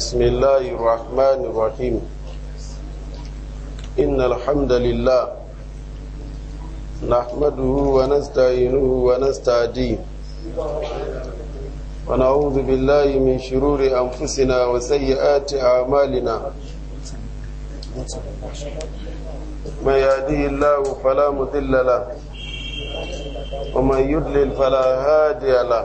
بسم الله الرحمن الرحيم إن الحمد لله نحمده ونستعينه ونستعديه ونعوذ بالله من شرور أنفسنا وسيئات أعمالنا ما يهديه الله فلا مضل له ومن يضلل فلا هادي له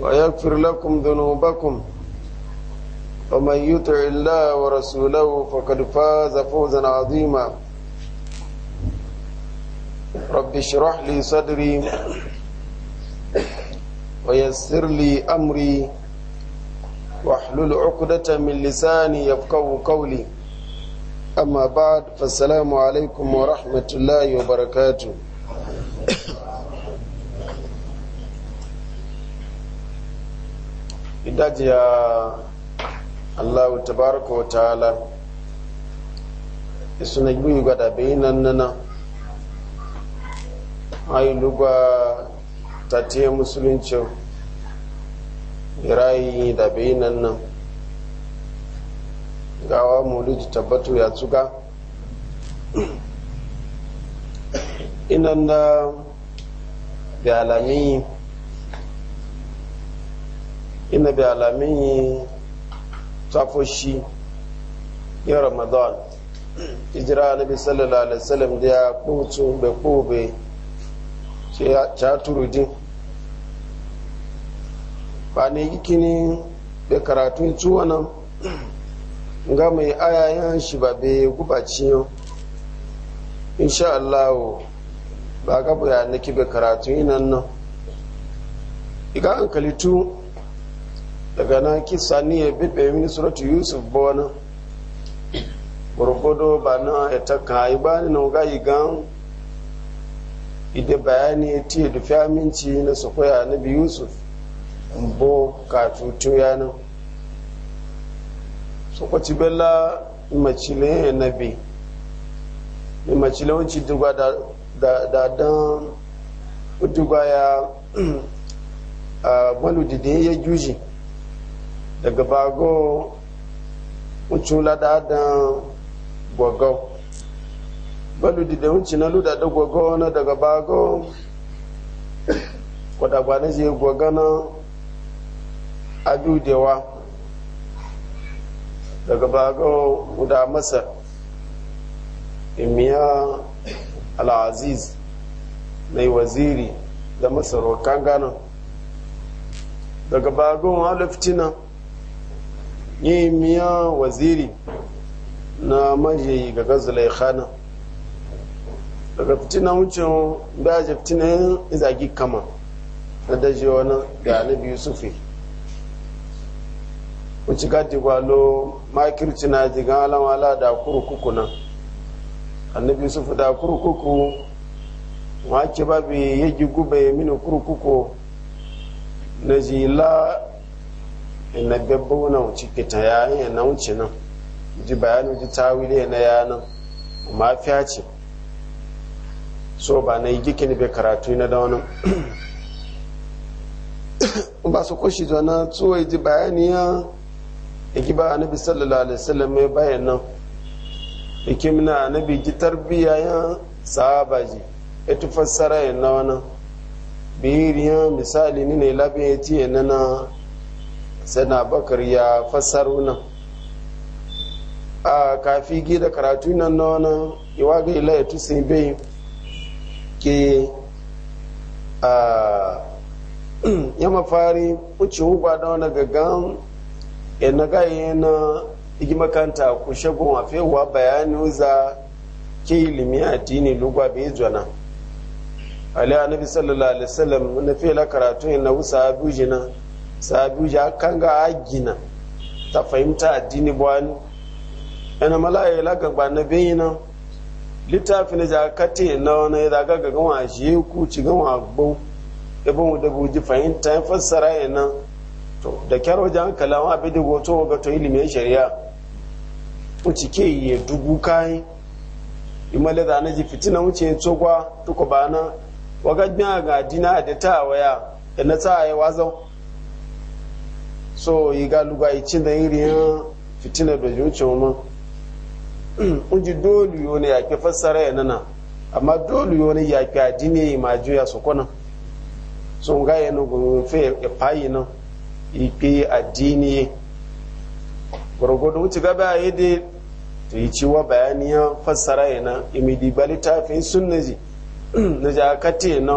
ويغفر لكم ذنوبكم ومن يطع الله ورسوله فقد فاز فوزا عظيما رب اشرح لي صدري ويسر لي امري واحلل عقدة من لساني يفقهوا قولي أما بعد فالسلام عليكم ورحمة الله وبركاته idajiya allahu tabaraka tabarako ta'ala isuna gbi gwada bayi nan nana ayi lugba tatiye musulunci irayi da bayi nan nan gawa ti tabbatu ya tsuga inanda da da nabi bi alamin yi tafoshi yin ramadan ijira na bi sallallahu alaihi wasallam da ya kucu ce ya turu din ba ne ikini da karatun tuwa nan ga mai ayayen shi ba bai gubaci yau insha Allah ba ga bayanaki bai karatun yinan nan iga an daga nan kisa ni ya bibe mini suratu yusuf na gurgudu ba na ya taka yi ba ni nan ga igan ide bayani ti da fi aminci na su koya na bi yusuf bo ka tutu ya nan su ci bella macile na bi ni macile wanci dugwa da dan dugwa ya malu da ya juji daga bago ucula da adan balu da wunci na luda da gwagau na daga bago kwadagba na je gwaga na adudewa daga bago guda masa imiya al'aziz mai waziri da masarokan gana daga bagon halittina Ni miya waziri na maje ga gazalai khana daga fitina wucin da ya fitina izagi kama na daji wani ga alibi yusufi wuci gadi gwalo makirci na alama alamala da kurkuku nan annabi yusuf da kurkuku wake babu yagi gube mini kurkuku na la. ina gabba wuna wuce fita ya yi na wuce nan ji bayanin ji ta wile na yanan mafiya ce so ba na yi gikin bai karatu na da wani ba su kushi da na tsuwa ji bayani ya iki ba anabi sallallahu alaihi wasallam ya bayan nan iki mina anabi ji tarbiya ya sahaba ji ya fassara ya na wani biyiriya misali ne labin ya tiye na sana bakar ya fassaro nan a kafi gida karatu nan na wani iwa ga ila ya tusi bai ke a ya fari wuce hukwa da wani gaggan ya na gaye na igi makanta ku shagun a fewa bayani za ke ilimi a dini lugwa bai jona ali anabi sallallahu alaihi wasallam na fela karatu na wusa abuji na ya ja kanga agina ta fahimta addini bwani ina malaye la gagba na beyina litafin da jakati na wani ya daga ga gawa shi ku ci gama gbau ibon da buji fahimta ya fassara yana to da kyaro jan kalawa abin da goto ga to ilimin shari'a wuce ke yi dubu kayan imale da anaji fitina wuce tsogwa tuku bana waga a ga dina da ta waya da na ta ya wazau so iga luga ichi da iri yan fitina da zuciya ma unji dole yo ne yake fassara ya nana amma dole yo ne yake yi ma juya su kona so nga ya no na yi e a no ipe adini gorogodo wuce gaba ya de to yi ciwa bayaniya fassara ya na imidi balita fi sunnaji na jakati na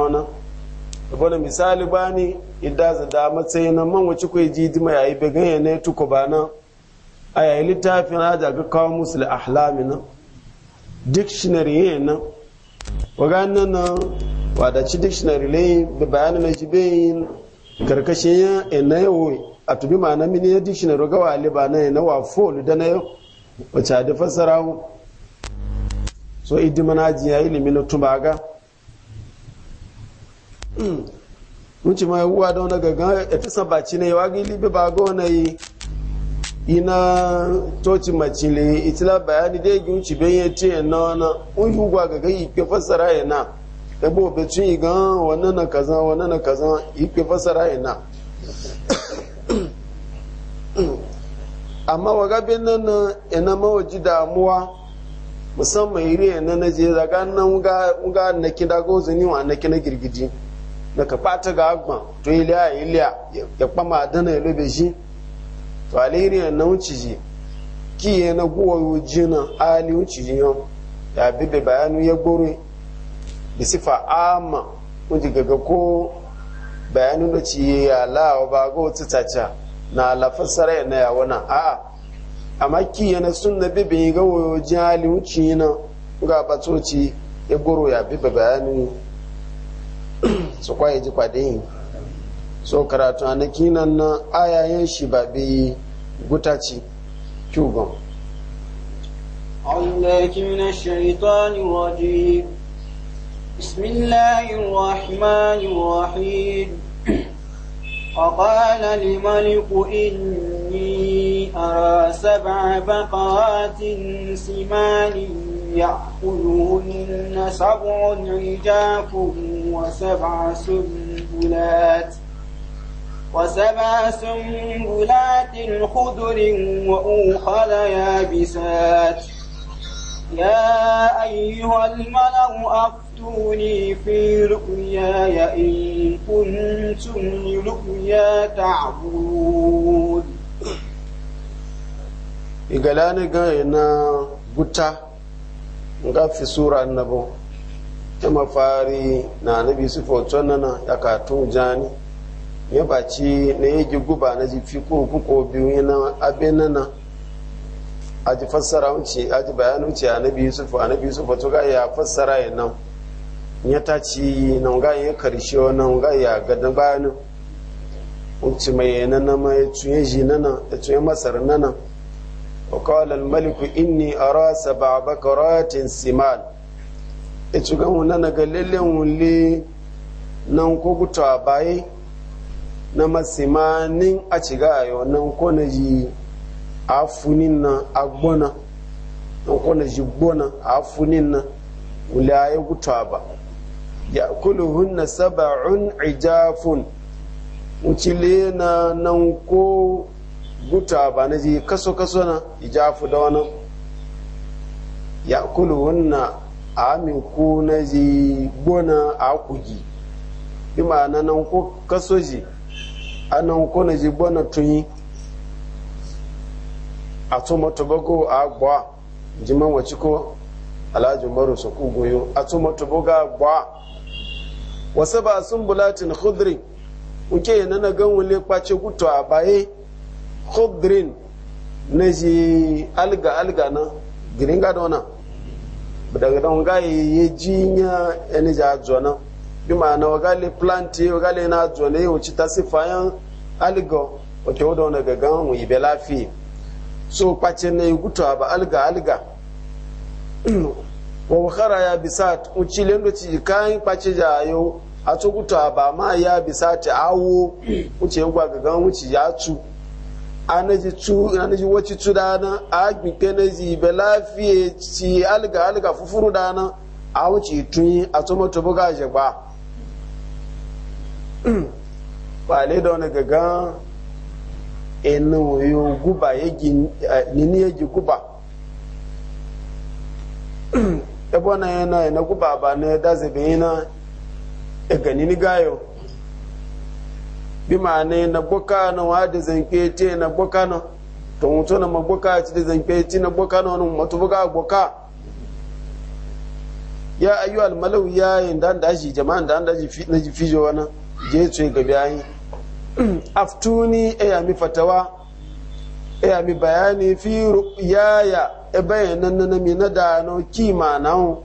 wani misali bani idda za da matsayi na man wace kwa ji dima ya yi began ya ne tuko ba nan a yayi littafin haja ga kawo musu da ahlami nan dictionary ya nan wa nan wadaci dictionary ne da bayanin mai ji bayin karkashin ya ina e yau a tubi ma na mini dictionary ga wale ba na yana wa fol da na yau wace da fassara so idima na ji ya ilimi na tubaga hmm. nci ma wuwa da wani gaggan ya ta sabaci ne wa gili bi ba ga wani yi na toci macile itila bayani da yagi nci ben ya ce na wani un yi gwa gaggan yi ke fassara ya na ebe obetun yi gan wani nana kazan wani nana kazan yi ke fassara ya e na ama ga be amma waga bin nan ina mawaji damuwa ma iri yana na je na nan ga na kida gozo ni wa na kina daga pata ga agba to iliya iliya ya kpama dana ya lobe shi to ya na wuciji ya na guwayo na ali wuciji yau ya bibe bayanu ya gore da sifa ama wuji gaga ko bayanu na ci ya lawa ba ga wata taca na alafasara ya na yawon a amma ya na sun na bibe ga wayo jina ali wuciji na ga batoci ya goro ya bibe bayanu su kwaye ji yi so karatu a na kinan na ayayen shi ba bi guta ci kyugon بسم الله الرحمن الرحيم وقال الملك إني أرى سبع بقرات سمان يأخذهن سبع عجاف وسبع سنبلات وسبع سنبلات خضر وأوخر يابسات يا أيها الملأ أفتوني في رؤياي إن كنتم لرؤيا تعبدون igalani ga na guta nga fi sura annabo ta mafari na nabi su foto nan ya tun jani ya baci na ya gi guba na ji fi kurku ko biyu na abin nan a ji fassara wuce a ji bayanin wuce a nabi foto a nabi yusuf to ga ya fassara ya nan ya ta ci na nga ya karshe wannan ga ya gadan bayanin wuce mai nana mai tuye ji nan da tuye masar na. وقال الملك إني أرى سبع بكرات سمان إتشغان هنا نقلل ولي ننكو تابعي نما سمانين أتشغايو ننكو نجي أفنين أقبنا ننكو نجي بنا أفنين ولا يغتابا يأكلهن سبع عجاف وتلينا ننكو guta ba na ji kaso kaso na ijafu da wani ya kulu wannan amin ku na ji gona a kugi ima na nan ko kaso ji a nan ko na ji gona tuni a tuma tobago a gba jiman wace ko alhaji umaru su ku goyo a tuma tobago a gba wasu ba sun bulatin khudri nke yana na gan wule kwace gutu a baye khudrin na ji alga alga na girin ga dona daga don ga ye jinya ene ja na bi ma na waga le plant waga le na jona ye uchi ta sifayan algo o ke odo na gaga mu ibe lafi so pace ne gutu ba alga alga wa wakara ya bisat uchi lendo ci kan pace ja yo a gutu ba ma ya bisat awo uchi ngwa gaga uchi ya tsu anaji tu anaji wachi tu dana a gbike na zi be lafiye ci alga alga fufuru dana a wuce tun a tuma tubu gaje ba ba le da wani gaga ina wayo guba yagi eh, nini yagi guba ebe wani yana yana guba ba na ya dazabe yana ga nini gayo bi ne na boka na wa da zanke ce na boka na to mutu na maboka ci da zanke ci na boka na wani mutu boka boka ya ayu almalau ya yin dan da shi jama'an dan da shi na ji fijo wana je ce ga bayani aftuni e ya mi fatawa e ya mi bayani fi ru'yaya e bayanan na mi na da no ma na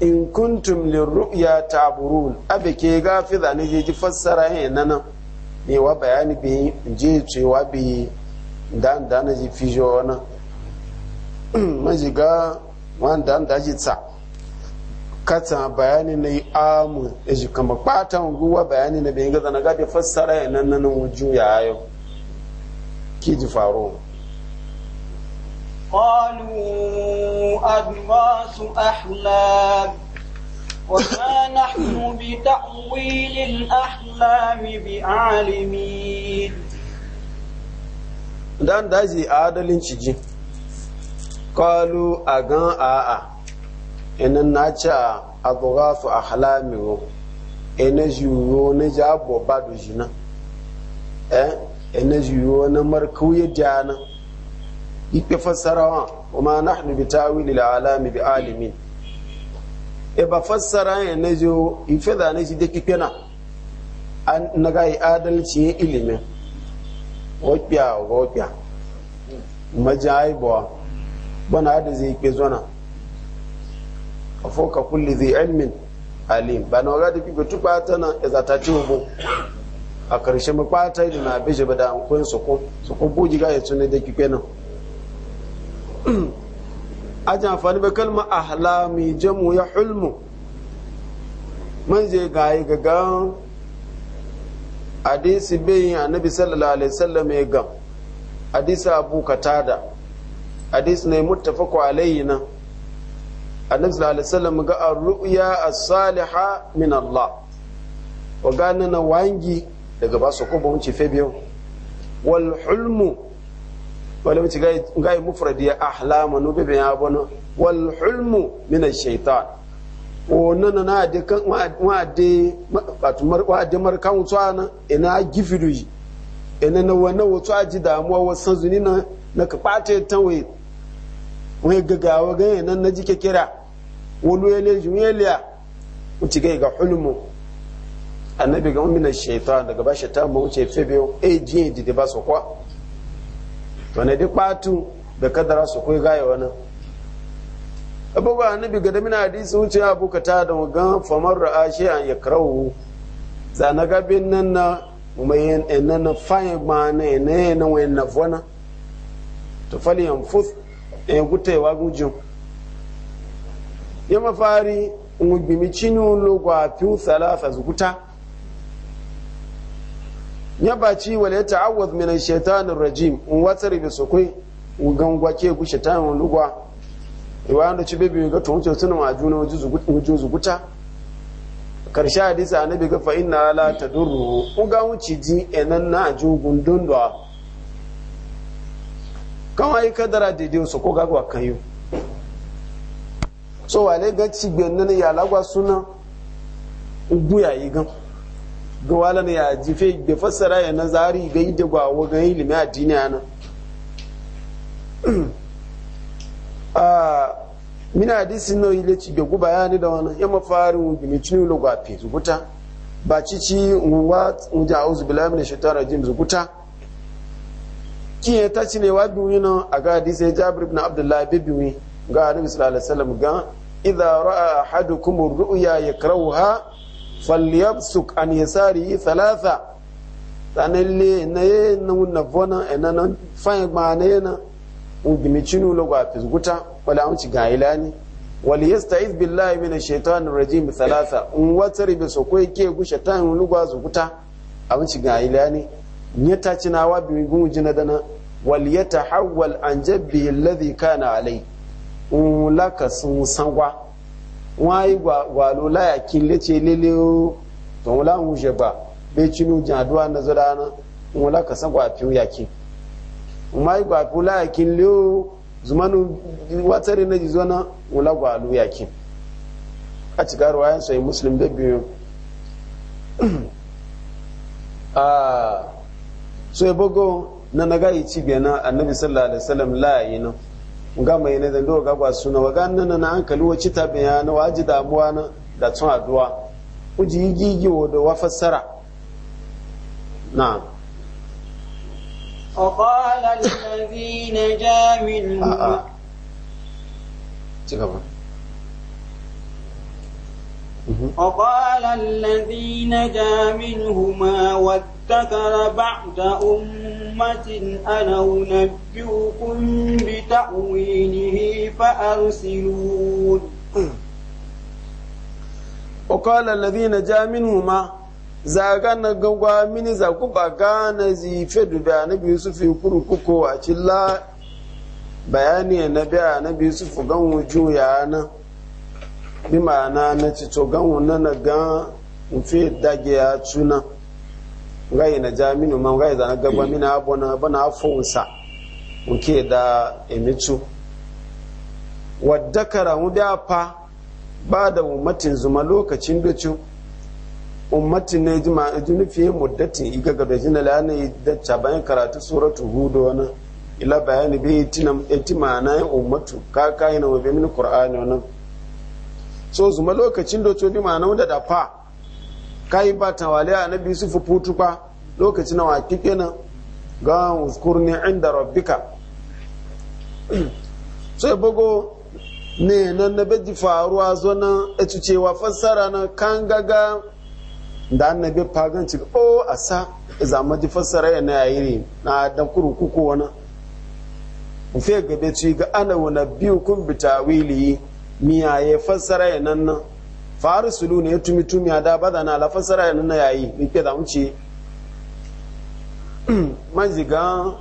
in kuntum lirru'ya taburun abe ke gafi zane ne je ji fassara yin nanan bai wa bayani bai je cewa bai dan da na ji fijo wani man shiga wani dan da ji tsa kata bayani na yi amu ya e shi kama kpatan ruwa bayani na bai gaza na gabe fassara ya nan nan wuju ya yau ki ji faru قالوا أضغاث أحلام وما نحن بتأويل الأحلام بعالمين dan daji adalin ciji kalu a gan a'a inan na ci a abuwafu a halamiro ina juro na jabo ba da jina eh, ina juro na markauye jana ipe fassarawa kuma nahnu bi tawili alami bi alimin e ba fassara ya na jo ife da na shi da kifena na ga yi adalci ya ilimin wapiya wapiya majayi bawa bana da zai ke zona a foka kulli zai ilmin alim ba na waga da kife tu ta na ya zata ci hubu a ƙarshe makwata da na bishe ba da hankun su ko buji ga ya tuni da kifenan ajin amfani bai kalma ahla mai jamu ya hulmu man zai gaye gaga hadisi bayin annabi sallallahu alaihi wasallam ya gam hadisi abu katada hadisi ne muttafaqu alaihi na annabi sallallahu alaihi wasallam ga ar-ru'ya as-saliha min Allah wa ganana wangi daga basu ko ba mun ci fe biyo wal hulmu wala mi cigai ngai mufradiya ahlama no bin ya bano wal hulmu min ash-shaytan o nana na de kan wa de batu mar wa de mar kan tsana ina e gifidu yi ina e na wana wato ji damuwa wasan zuni na na ka pate tanwe wai gagawa ga e nan na jike kira wani yele jumeliya wuce gai ga hulmu annabi ga min ash-shaytan daga ba shaytan mu ce febe e jiye dide ba so kwa wane di ɓatu da kadara su kai gaya wani abubuwa annabi ga damina hadisi wuce abu ka ta da wagan famar ra'a shi an ya karawo zana gabin nan na mai yana eh, na fayin ma na yanayi na wayan na fona ta fali yan fuf ya eh, gutewa gujin ya mafari ngubimi cinu lugwa fi salasa zukuta ya baci wale ya ta'awwaz min ash-shaytanir rajim in wata bi su kai gangwake ku shaitanin lugwa iwa da ci bebe ga tunce ma juna wuju zuguta karshe hadisi annabi ga fa inna la tadurru uga wuci ji enan na ajugun dundwa kawai ai kadara dai su ko gagwa kayo so wale ga ci nan ya lagwa suna ugu yayi gan ga wala ne ya jife da fassara ya nazari ga yi da gwawo ga yi limi addini ana a ah, mina hadisin nan ile ci da guba ni da wani ya mafarin gimi cinu lo gwa fi zuguta ba ci ci wa unja auzu billahi minash shaitanir jim zuguta kin ya ta ne wa biyu nan a ga sai Jabir ibn abdullahi bibi ga Annabi sallallahu alaihi wasallam ga idza ra'a ahadukum ar-ru'ya ha. falyabsuk an yasarihi thalatha salasa le na yi na wunna vona enanan fayin gba na yana ugimi cinu logo a fisguta wala amci ga ilani wali yasta'iz billahi minash shaitani rajim thalatha in watsari be sokoi ke ta shaitan logo a zuguta amci ga ilani cina wa bi gun jina dana ta yatahawwal an jabbi alladhi kana alai ka sun sangwa wọ́n yí ló láyà kí n létí lélé o tòun láwọn oúnjẹ bá bẹ́ẹ̀ tí inú jìn àdúrà náà zọ́dá náà wọn lákàsán gbà fi yà kí n wọ́n yí gbà fi láyà kí n lé o zumanu wátẹ́rì náà jìzọ́ náà wọn lágbà ló yà kí a ti ká ruwa yẹn sọ yìí muslim bẹ́ẹ̀ bí yẹn ah, so ya nanaga na ti yi náà anabi annabi sallallahu alaihi wasallam la yi náà. nga mai ne zando ga gwa suna wa gan nan na hankali wace yana wa ji damuwa na da tun addu'a uji gigi wo da wa fassara na وقال الذي نجا منهما وقال الذي نجا منهما ابتكر بعد أمة أنا أنبئكم بتأويله فأرسلون وقال الذين جاء منهما zaga na gangwa mini za ku ba zi zife dubiya na biyu su fi kurkuku a cilla bayani na biya na biyu su fi ganwu juya na bi ma'ana na cito ganwu na na gan dage ya ngai na ja minu ma ngai zana gaba mm. mina abona bana nsa nke da emitu waddakara mu biya fa ba da ummatin zuma lokacin ducu ummatin ne jima junufi muddatin iga gaba jina la ne dacca bayan karatu suratu hudu wani ila bayani bi yi etima na ummatu ka kai na wabe min qur'ani wannan so zuma lokacin ducu bi ma'ana da da fa kai ba na annabi fi putu kwa lokacin wa kike nan ga uskurni inda rabbika sai bugo ne nan na beji faruwa zo nan cewa fassara na kan gaga da annabi pagan ci o asa zama ji fassara ya na ne na dan kurukuku wani fe gabe ci ga ana biyu kun bitawili miyaye fassara ya nan nan farisulu sulu ne ya tumi tumi a da na lafasara sara yana na yayi in ke zamu ce man ziga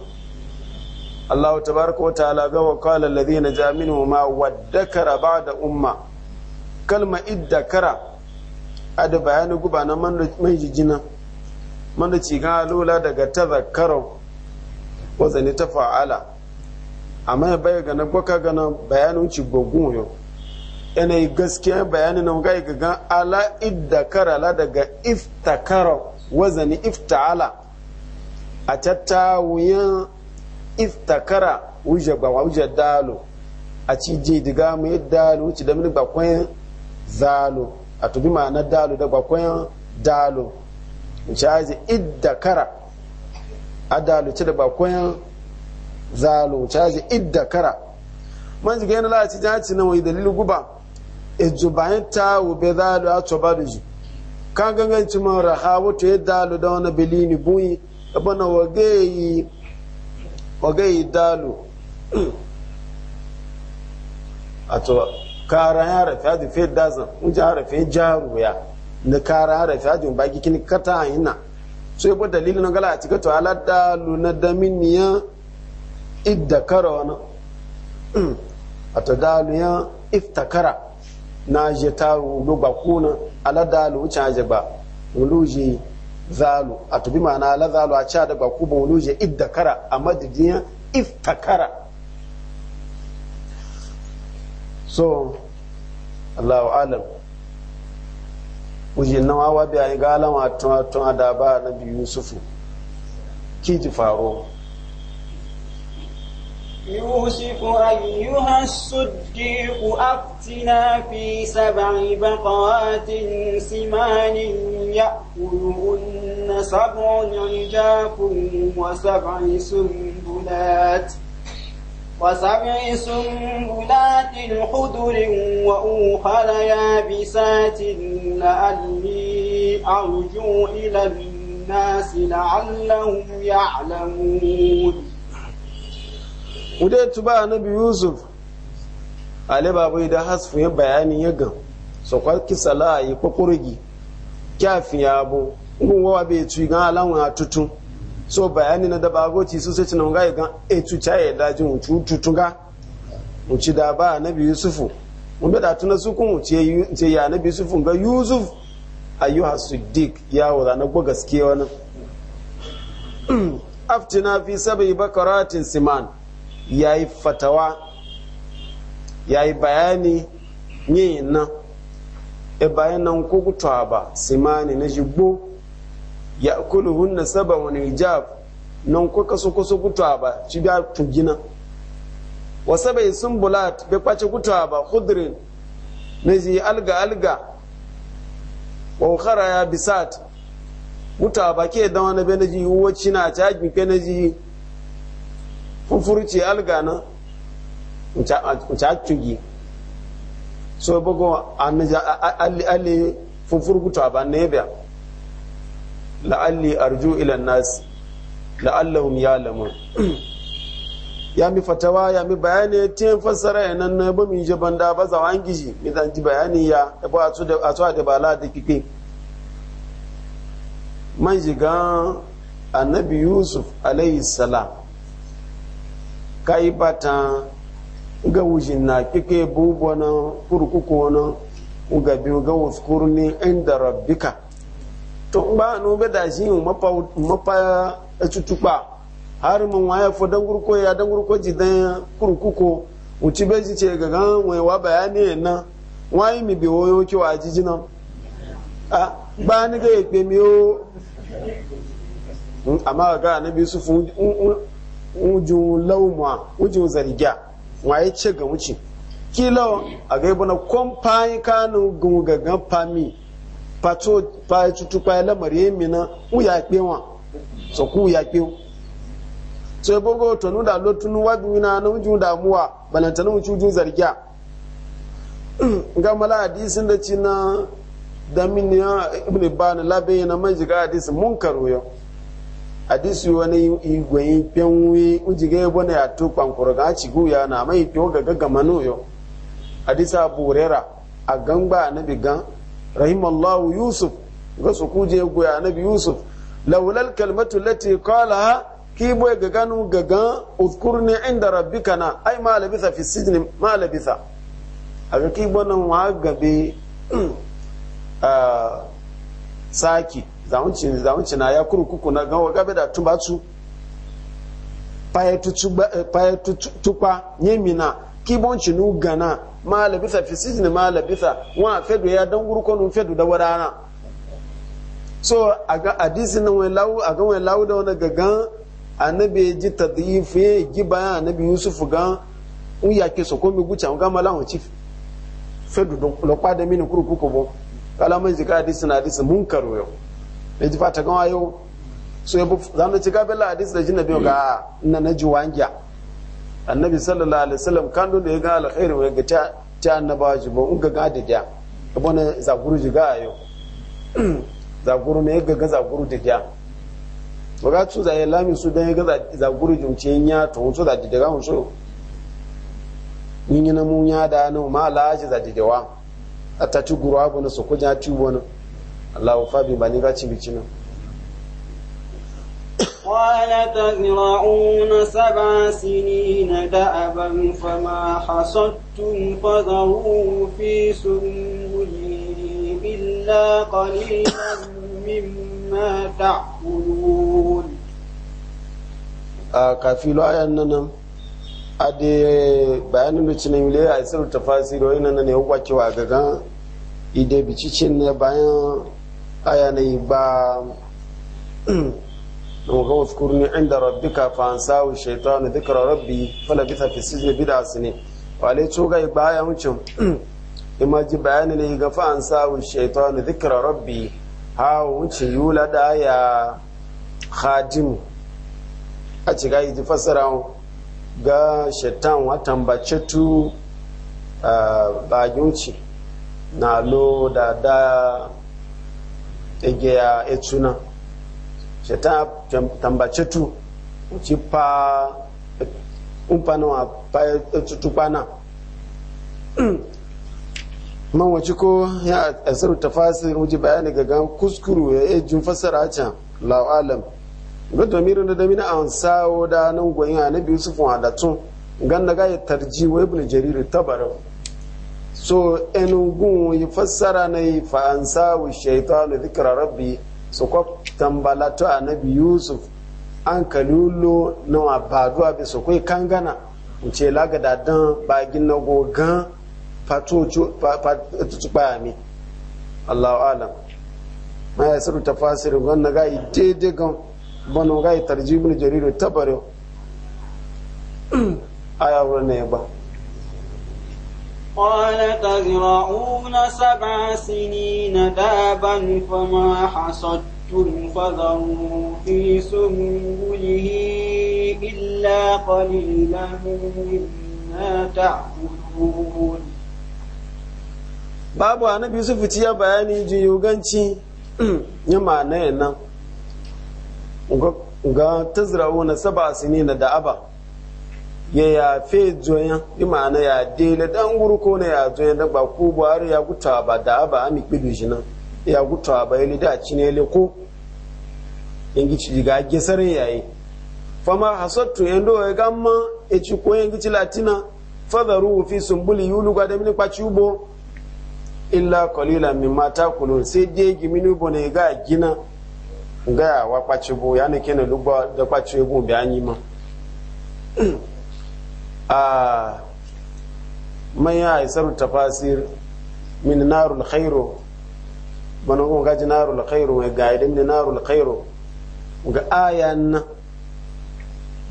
Allah tabaraka wa ta'ala ga na jaminu ma ba da umma kalma a da bayani guba na man man jijina da ci ga lola daga tazakkaro wazani fa'ala amma bai ga gwaka bayanin ci yau yanayi gaskiya bayani na ga gagan ala iddakara la daga iftakara wazani ifta'ala a tattawuyin iftakara wuje ba wuje dalo a ci je diga mu yi dalo ci da mini bakwayan zalo a tubi ma'ana dalo da bakwayan dalo wuce aji iddakara a dalo ci da bakwayan zalo wuce aji iddakara man jiga yana ci jaci na wai dalilin guba ezubayin ta wube dalu a tsoba da ji ka ganganci man raha wato ya dalu da wani bilini yi abana wagayi wagayi dalu a to karan ya rafi hajji fiye dazan wuce ya rafi jaru ya ne karan ya rafi hajji baki kini kata a na so ya dalili na gala a cikin to ala lo na daminiyan idda kara wani a to dalu yan iftakara na je taro lugba kuna aladalu wuce aje ba wuluje zalu a tubi ma'ana alazalu a ci da ba ku ba wuluje iddakara a madadin iftakara so allahu alam wuje nawa, wawa biya ga alama tun da ba na biyu yusufu ki ji faro يوسف أيها الصديق أفتنا في سبع بقرات سمان يأكلهن سبع عجاف وسبع سنبلات وسبع سنبلات خضر وأخر يابسات لأني أرجو إلى الناس لعلهم يعلمون ude tuba nabi yusuf ale babu da hasfu ya bayanin ya gan so kwa kisala yi kwakwurgi kyafi ya bu ngun wa be tu gan a tutu so bayani na da bago ci su sai cinan gaya gan etu chaye dajin uchu ga uchi da ba nabi yusufu mun da tuna su kun uchi ce ya nabi yusufu ga yusuf ayyuha dik ya wala na gaskiya wannan aftina fi sabai bakaratin siman ya yi fatawa ya yi bayani yin nan e bayan nan ko gutuwa ba simani na jigbo ya kulu hunna saba wani hijab nan ko kaso kaso gutuwa ba ci biya tugina saba bai sun bulat bai kwace gutuwa ba hudurin na ji alga alga wa ya bisat gutuwa ba ke dan wani bai na ji wuwa cina ta hajji na ji nfuruci algana nca cugi so bogo anaja alli alli a aba nebiya la'alli arju ila nas la'allahum ya'lamun ya mi fatawa ya mi bayani tin fassara nan na ba mi je banda ba za wan gishi mi zan ji bayani ya da a tsuwa da asu da bala da kike man jiga annabi yusuf alayhi salam kai bata ga wujin na kike bubu na kurkuku na uga biyu ga waskurni inda rabbika to ba no be da shi mapa mapa tutupa har mun waya fo dan gurko ya dan gurko jidan kurkuku uci be ji ce ga gan wai wa bayani e na wai mi bi woyo ki wa jiji na a ba ni ga ipe e mi hmm, amma ga na bi su hmm, hmm. ujun lauma ujun zargiya waye ce ga wuce kilo a ga ibana kon fayin kanu gungagan fami pato pa tutu pa lamari emina u ya pe won so ku ya pe so bogo tonu da lotunu wa na na ujun damuwa balantana ujun zargiya ga mala hadisin da ci na da min ya ibn ban labe na majiga hadisin munkaro yau hadisi wani igwe penwe ujiga ebo na ya to kwankuru ga chigu ya na mai to ga gaga manuyo hadisi abu a gangba nabi gan rahimallahu yusuf ga su kuje goya nabi yusuf laulal kalmatu lati kala ki boy ga ganu gaga ne inda rabbika na ai ma labisa fi sijni ma labitha aga ki nan wa gabe saki zawunci zawunci na ya kurkuku na gawa gabe da tubatsu paye eh, tukpa na kibonci nu gana ma labisa fi sijini ma labisa wa fedu ya dan gurko nu fedu da wadana so aga hadisi na wani lawu aga wani lawu da wani gagan annabi e ji tadhifu e ya gi bayan annabi yusuf gan un ya ke so ko mi gucha un gama lawon chief fedu lo pa de mini kurkuku bo kala man zika hadisi na hadisi munkaro yau ya ji fata gawa yau so ya bufu zanen ci gabe hadis da jin na biyu ga na na ji wangiya annabi sallallahu alaihi wasallam kan don da ya ga alkhairu ya ga ta ta annabawa ji ba un ga ga da da abona zaguru ji ga yau zaguru mai ga ga zaguru da da ga su za ya lami su dan ya ga zaguru ji ce ya to su da da ga su yin na mu nya da no ma laji za da da wa a ta ci guru abu na su kuja ci wani Allahu khabi ba ni ga ci bicina قال تزرعون سبع سنين دأبا فما حصدتم فذروه في bayanin da cinin a isar tafasiri wani nan ne ya gagan bicicin bayan aya ne ba wasu kurni inda rabbika fa ansahu shaytanu rabbi fala bisa fi sijni bid'a ne wale cuga ba ya mucin ima ji bayani ne ga fa ansahu shaytanu rabbi ha wuce yula da ya khadim a ci ga ji fasara ga shaitan watan bace tu bagin ci na lo da da ege ya etsuna se ta tambace pa wa pana man wace ko ya asiru tafasi uji bayani ga kuskuru ya ejin fassara can lau alam ga domirin da damina an sawo da nan gwayin a na biyu sufin hadatun gan gaya tarji wa ibn jarir tabarau. so enugun yi fassara na yi fa'ansa wa shaitanu zikira rabbi su kwa tambalatu a nabi yusuf an kalulo na wa baduwa bi su kai kangana wuce lagada don bagin na gogan fatocu bayami allahu alam ma ya sirri tafasirin wannan ga yi daidai ga bano ga yi tarjibin jaridu tabarau aya wurin ne ba قال تزرعون سبع سنين دابا فما حصدتم فذروا في سنبله إلا قليلا مما تعبدون babu annabi yusuf ci ya bayani ji yuganci ya ma'ana nan ga tazra'una saba sinina da aba ya ya fe zoyan imana ya dele dan guru ko na ya zoyan da ba ku buhari ya guta ba da ba ami kpidu shi ya guta ba ya da ci ne le ko yangi ci ga gesare yayi fama hasattu yando ya gamma e ci ko yangi gici latina fadaru fi sumbuli yulu ga da mini kwaci ubo illa qalila mimma takulun sai dai gimini ne ga gina ga wa kwaci ya ne kenan lugba da kwaci ubo bi anyi ma a manya isar tafasir min narul khairu mana kuma gaji narul khairu mai gaidin idan min narul khairu ga ayan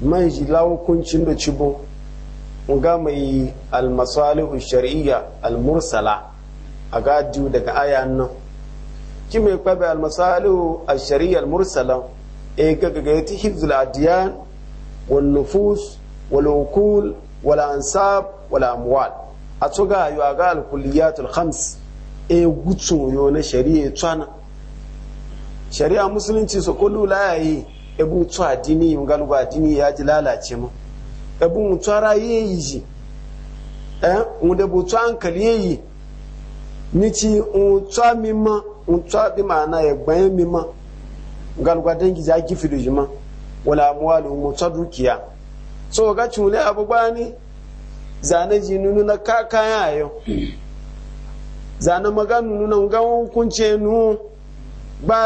mai ji lawukuncin da cibo ga mai almasalihu shari'a almursala a gajiyu daga ayan nan ki mai kwabe almasalihu a shari'a almursala e gaggagaya ta hibzul adiyan wal nufus والعقول والأنساب والأموال أتوقع يوغا الكليات الخمس e غوتسو يونا شريعة توانا شريعة مسلم تيسو كل لا يهي ebu tsu adini yunga lugu dini ya ji lalace e mu ebu mutu yi. yeyi ji eh unde yi. Ni ci nici mutu mimma mutu bi mana egban mimma ngalugwa dangi ja gifidu ma. wala amwalu mutu dukiya so ga cune abu bani zane ji nunu na kaka yau zane maga nunu na ga hukunce nu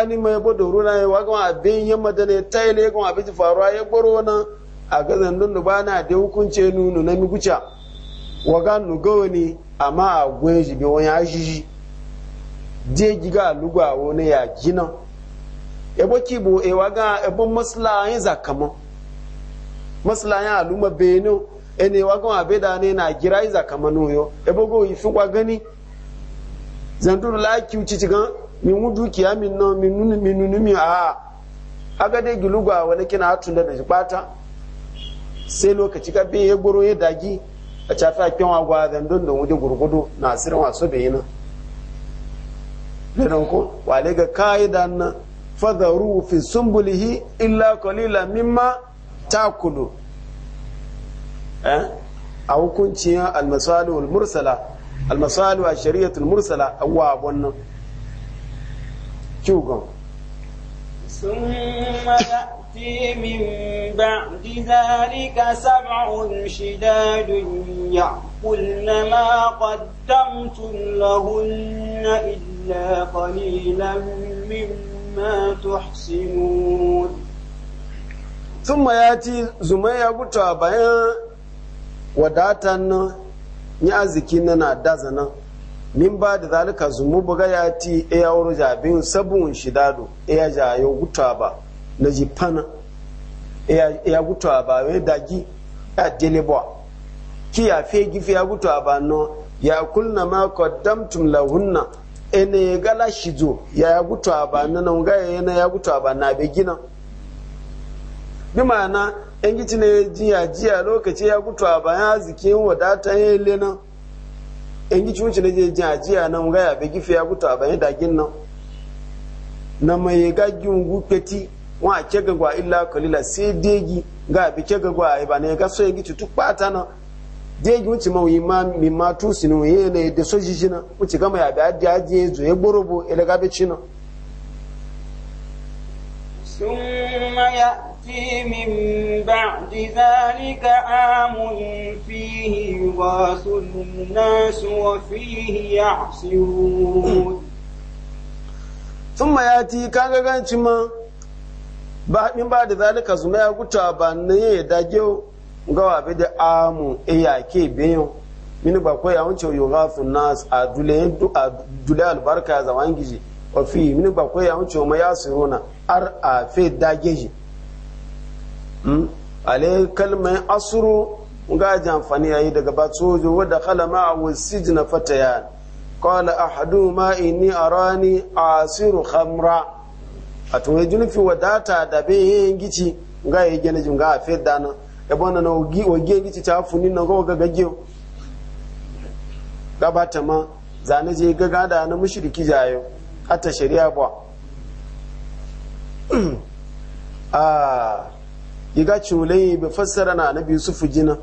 ni mai bodo runa ya wa ga abin yamma da ne yi ga abin faruwa ya gboro na a gazan nunu ba na da hukunce nunu na miguca wa ga nu gawani amma a gwe ji bi wani ajiji je giga lugwa wani ya gina ebo kibo ewa ga ebo maslahin zakamon maslayan aluma benin ene wagon abeda ne na gira iza kama noyo ebogo ifi kwa gani zanduru la ki uci tigan mi wudu ki amin no mi nunu mi nunu mi a aga de a wani kina atun da shi bata sai lokaci ka be ya goro ya dagi a cafi a kyan agwa zandun da wude gurgudu na asirin wasu bai na ladan ko wale ga ka'idan na fadaru fi sumbulihi illa qalila mimma تاكل او كنتي المصالح المرسلة المصالح الشرية المرسله او ابن شوغ ثم ياتي من بعد ذلك سبع شداد ياكلن ما قدمتم لهن الا قليلا مما تحسنون sun ma ya ci zumai ya guta bayan wadatan nan ya arziki na na daza nan min ba da zalika zumu buga e ya ci iya wuri jabin sabon shidado iya e ya guta ba na jifana iya e guta ba wai dagi ya delebwa ki ya fe gifi ya guta ba no ya kulna ma qaddamtum lahunna ene gala shizo ya guta ba nan ga yana ya guta ba na begina gina bi ma'ana yan gici na jiya jiya lokaci ya gutu a bayan arziki yin wadata ya yi lena yan gici wuce na jiya jiya nan gaya bai gifi ya gutu a bayan dagin nan na mai gagin gupeti wọn a ke gagwa illa kalila sai degi ga bi ke gagwa a ba ya ga so yan gici tuk bata na degi wuce ma wuyi ma mi ma tusi ne wuyi ne da so jijina wuce gama ya bi adi ajiye zuwa ya gborobo ya daga bi cinan ثم يأتي من بعد ذلك عام فيه يغاث الناس وفيه يعصرون ثم يأتي كان كان min ba da zalika su ya guta ba na ya dage gawa bi da amu iya ke biyu mini ba koya wancan yau nas a dule albarka zaman ofi mini gba ko ya o ma ya siro na a alẹ́ kalmẹ́ shi ale asuru ga ji amfani yayi daga ba sojo wadda kala ma wasij na fatayan qala ma inni arani asiru khamra a to yajin fi wadata da be yin gici ga yi gene jin ga fe dana e bona na ogi ogi gici ta funi ga gabata ma zane gaga da na mushriki ata shari'a ba a ah, yiga cule bai fassara na anabi yusuf jina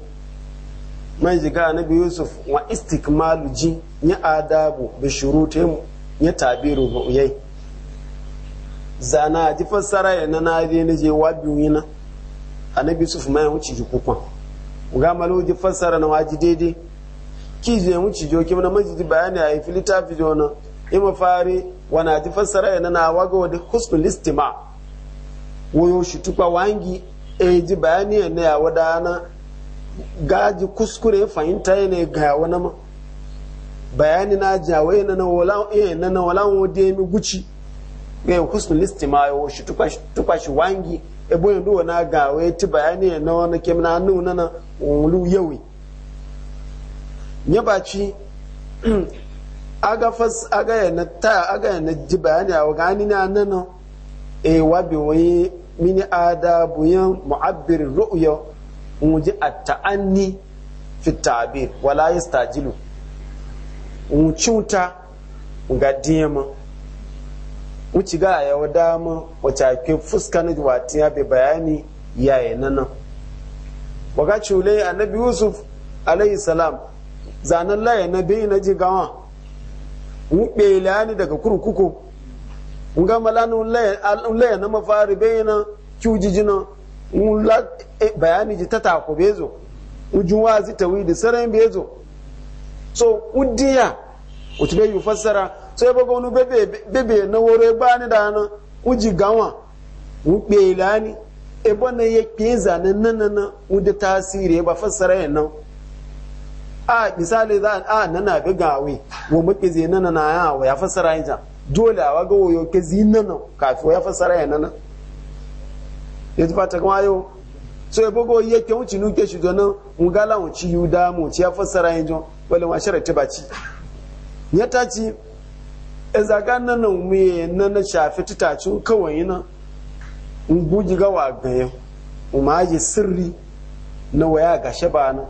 man jiga anabi yusuf wa istikmalu ji ya adabu bi shurutihim ya tabiru ba uyai zana ji fassara ya na na je na je wa biyu na anabi yusuf mai wuce ji kukwa ga malu ji fassara na waji daidai ki je wuce jo kim na majiji bayani a yi filita fi jona ima fari wana ji fassara yana na waga wadda husnul listima wuyo shi tukwa wangi e ji bayani yana ya wadana gaji kuskure fahimta yana ga wani ma bayani na jawo yana na wala yana eh, na wala wadda ya mi guci ga husnul ya wo shi tukwa shi wangi e boye duwa na ga wai ti bayani yana wani kemna nuna na wulu yawi nyabaci aga fas aga ya na ta aga ya na ji bayani a gani na nan e bi wani mini ada buyan mu'abbir ru'ya muji at-ta'anni fi ta'bir wala yastajilu mucuta ga diyama ci ga ya wada mu wata ke fuska na wata ya bi bayani yayi nan waga chule annabi yusuf alayhi salam zanen la na biyu na ji jigawa wubela ni daga kurkuku nga malanu le na mafari bayina kyujijina la eh, bayani ji tata ko bezo ujun wazi ta tawidi saran bezo so udiya utube yu fassara so yabo gonu bebe bebe na wore ni da na uji gawa wubela ni ebo na ye kinza na nanana ude tasiri ba fassara yan nan a misali za a na na ga gawe wa muke zai nana na ya wa ya fassara yin jan dole a waga wayo ke zi nana kafin ya fassara yin nana ya tufa fata kuma yau so ya bugo ya ke wuce nuke shi donin ngala wuce yi da mu ci ya fassara yin jan wale wa shirar ta baci ya ta ci e zaga nana mu ya nana shafi tutacin kawai yana in guji gawa ga yau umaji sirri na waya ga ba nan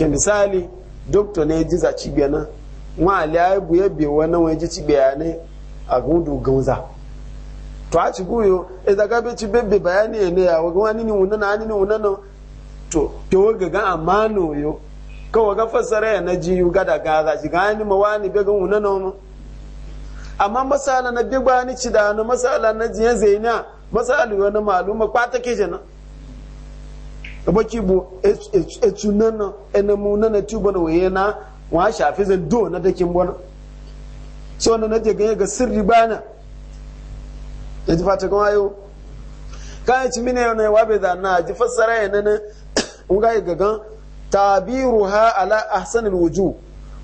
ke misali doktor ne ji za cibiya nan wa ya buye wani wani ji cibiya ne a gudu gauza to a ci guyo e daga be ci bebe bayani ne ya waga wani ni wunana wani ni wunana to ke waga ga amano yo ka waga fassara ya na ji gada gaza ji ni ma wani be ga wunana mu amma masala na bi gbani ci da na masala na jiyan zaina masala wani na maluma kwata ke jana ebo ki etu e, e, nana enemu nana ti na waye na wa shafi zan do na da kin so na naje ga ga sirri bana da ji fata kuma yo kan ci e mine ne wa be da na ji fassara ya nana un ga ga gan tabiruha ala ahsanil wuju.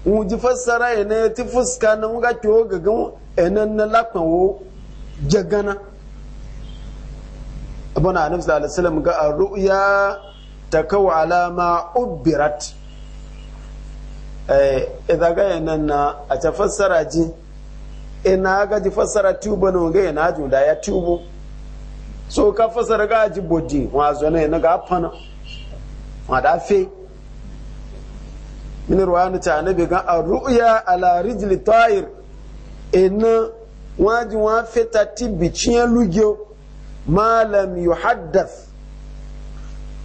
un ji fassara ya ne ti fuska na un ga ki o ga gan enan na lakwan wo jagana abuna annabi sallallahu alaihi wasallam ga ru'ya ta ala ma ubirat eh idan ga yanan na a ta fassara ji ina ga ji fassara tubo no ga yana juda ya tubu so ka fassara ga ji bodi wa ga fana wa da fe min ruwanu ta ga ru'ya ala rijli ta'ir ina wajin wa ta ti lugyo ما لم يحدث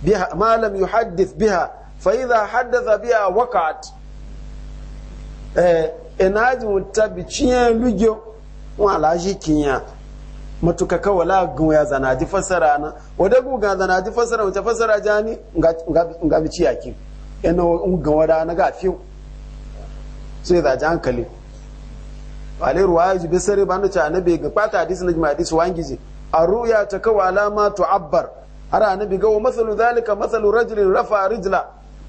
بها ما لم يحدث بها فإذا حدث بها وقعت enaji wuta biciyen lujo wala shi kinya matuka kawai la gunya zana ji fasara na wada guga zana ji fasara wuce fasara jani nga biciya ki yana gugan wada na ga fiyo sai za ji hankali wale ruwa ya ji bisari ba na ci annabi ga kwata hadisi na jima hadisi wangiji الرؤيا تكو علامات تعبر أرى أنا بيقو مثل ذلك مثل رجل رفع رجلا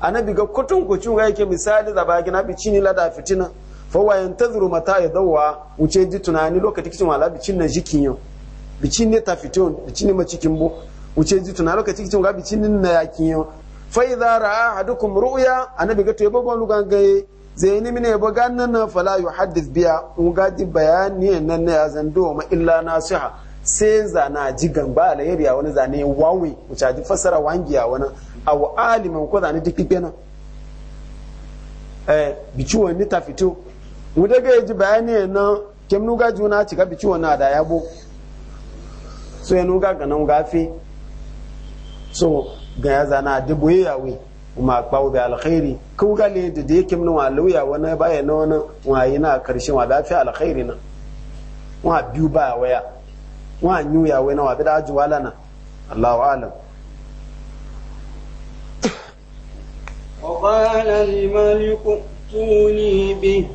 أنا بيقو كتن كتن غيك مثال إذا باقينا بيشيني لا دافتنا فهو ينتظر متى يدوى وشيدي تناني لو كتكتن على بيشيني جيكينيو بيشيني تفتون بيشيني ما تشيكيمبو وشيدي تناني لو كتكتن غا بيشيني نياكينيو فإذا رأى أحدكم رؤيا أنا بيقو تيبو لغان غيه zai ni mine ba ganin na fala yu haddith biya in gaji bayani nan na ya zando ma illa nasiha sai zana ji gamba alheri a wani zane wawe wuce ji fassara wangi a wani abu aliman ko zane duk ɗiɗɗena eh bici wani ta fito mu ga yaji bayani nan kem nuga juna cika bici wani da yabo so ya nuga ga nan gafe so ga ya zana dubu yawe ma kpawo bi alkhairi ko ga le da da kem nuwa lauya wani baya na wani wayi na karshen wa fi alkhairi na wa biyu ba waya wa nyu ya we na wa bi da ju wala na Allahu alam وقال الملك ائتوني به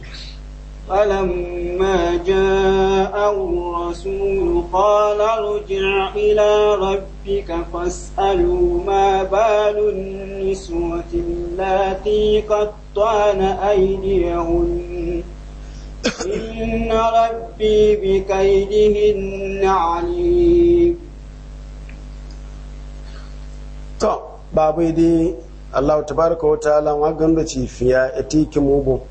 فلما جاءه الرسول قال ارجع إلى ربك فاسأله ما بال النسوة اللاتي قطعن أيديهن إن ربي بكيدهن عليم to babai dai allahu tabaraka wa ta'ala wa ganda ci fiya etiki mubu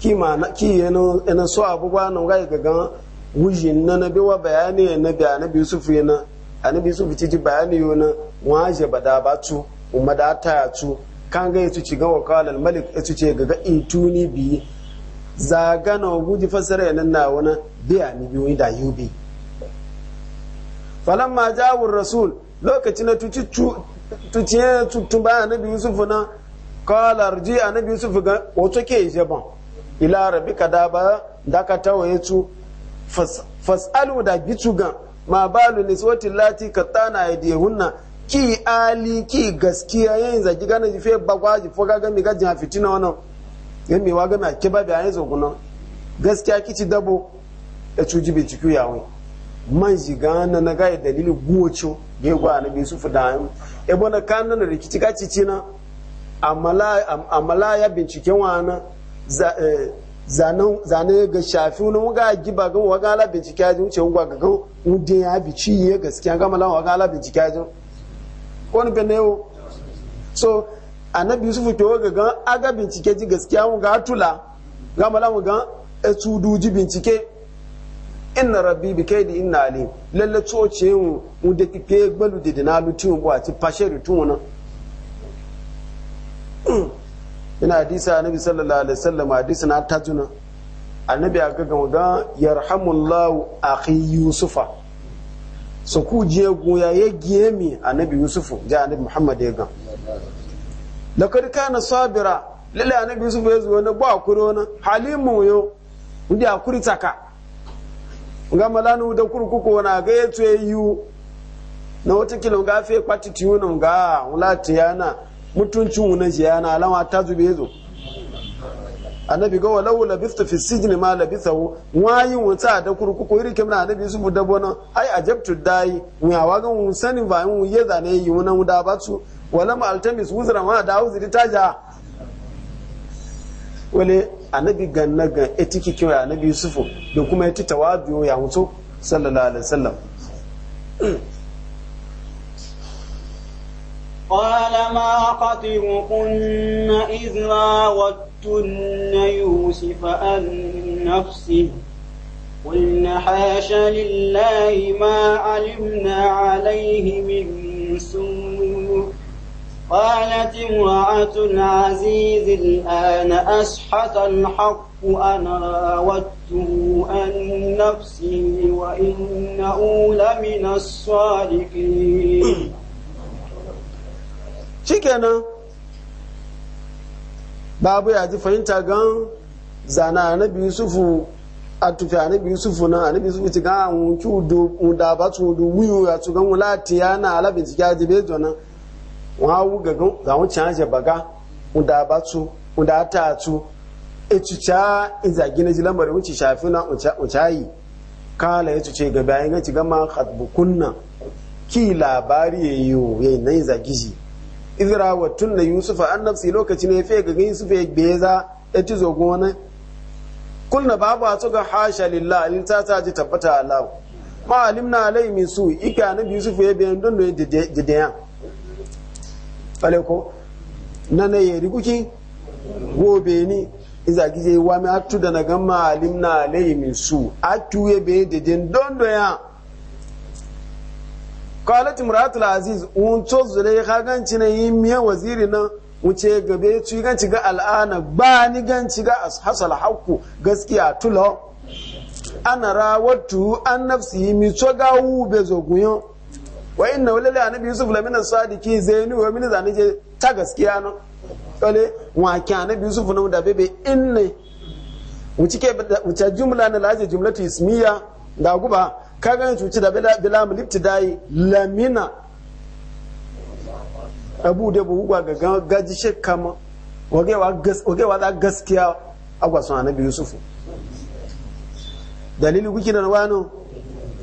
ki ma na ki yana yana so abubuwa na ga ga gan wujin na nabi wa bayani na bi annabi yusuf yana annabi yusuf ci ji bayani yana wa je bada ba tu umma da ta tu kan ga yace ci ga wakal al malik yace ce ga ga ituni bi zagana guji fasara yanan na wani biya ni biyu da yubi ma jawur rasul lokaci na tuciye tuttun ba ba annabi yusuf na qala arji annabi yusuf ga wato ke jaban ila rabbika da ba da ka tawaye su fasalu da ga ma balu niswati lati katana aydihunna ki ali ki gaskiya yin zagi gana jife bagwaji foga gami gajin ga fitina wani yan mai waga na ke ba bayan zogunan gaskiya kici dabo da cuji bai ciki yawon man shiga na na gaya dalilin guwacin da ya gwa na bai su fida yawon ebo na kan na rikici kaci ci na amala ya binciken wana zane eh, ga shafi wani waga giba ga waga ala bincike ya wuce wuga ga gan wudin ya ci ya gaskiya gama lan waga ala bincike ya wani yau so annabi yusufu ke waga gan aga bincike ji gaskiya mu ga tula ga mu gan etu ji bincike inna rabbi bi kaidi inna ali lalle tsoce mu mu da kike gbalu da dinalu tun bo a ci fashe rutun nan ina hadisa annabi sallallahu alaihi wasallam hadisa na tajuna annabi aka ga ga yarhamullahu akhi yusufa so ku je go ya giye mi annabi yusufu ja annabi muhammad ya ga lakar kana sabira lalle annabi yusuf ya zuwa na ba kuro na halimu yo ndi akuri taka nga malanu da kurkuku na ga yato yu na wata kilo ga fe kwati tiyu na ga wulati yana mutuncin wunan shi alama ta zube zo annabi ga walau labista fi sijin ma labista wayin wuta da kurkuku iri kimna annabi yusuf da bona ai ajabtu dai wa wa ga sanin ba mu yeza ne yi wunan da ba wala ma altamis wuzra ma da wuzri taja wale annabi ganna ga etiki kyau ya annabi yusufu da kuma yati tawabiyo ya mutu sallallahu alaihi wasallam قال ما خطبكن إذ راوتن يوسف عن نفسه قلنا حاش لله ما علمنا عليه من سوء قالت امرأة العزيز الآن أشحت الحق أنا راودته عن نفسي وإنه لمن الصادقين shikenan babu ya ji fahimta gan zana anabi yusufu a tufi anabi yusufu na anabi yusufu ti gan awon ki uda ba tu udu wiyo ya tu gan wula tiya na alabi ti gaji bejo na wọn awu gangan zawon canje baga tu batu ci ca in zagi na ji jilamar wuce shafi na uncayi kala ya ce ga bayan gaci gama hatbukunna ki labari ya yi yi na zagi ji izira wa tun tunna yusufa an nafsi lokaci ne fe gagan yusufa ya za ya ci zogon wani kulna babu a tsoga hasha lillah ta ta ji tabbata allahu ma alimna alai min su ika na yusuf ya bayan don da ya fale ko nana yeri kuki gobe ni iza gize wa mi atu da naga malim na alayhi min su atu ye be de den dondo ya qalat imratul aziz un to zule ka ganci na yi miya waziri na wuce gabe ci ganci ga al'ana ba ni ganci ga hasal hakku gaskiya tulo ana rawatu an nafsi mi to ga ube zoguyon wa inna wulil annabi yusuf la min as yi zainu wa min zanije ta gaskiya no kale wa ki annabi yusuf no da bebe inne wuci ke wuce jumla na laje jumlatu ismiya da guba ka ga cuci da bila mu dayi, lamina abu da bu gwa ga gaji shekama wagewa gas wagewa da gaskiya agwa sun annabi yusuf dalili kuki na wano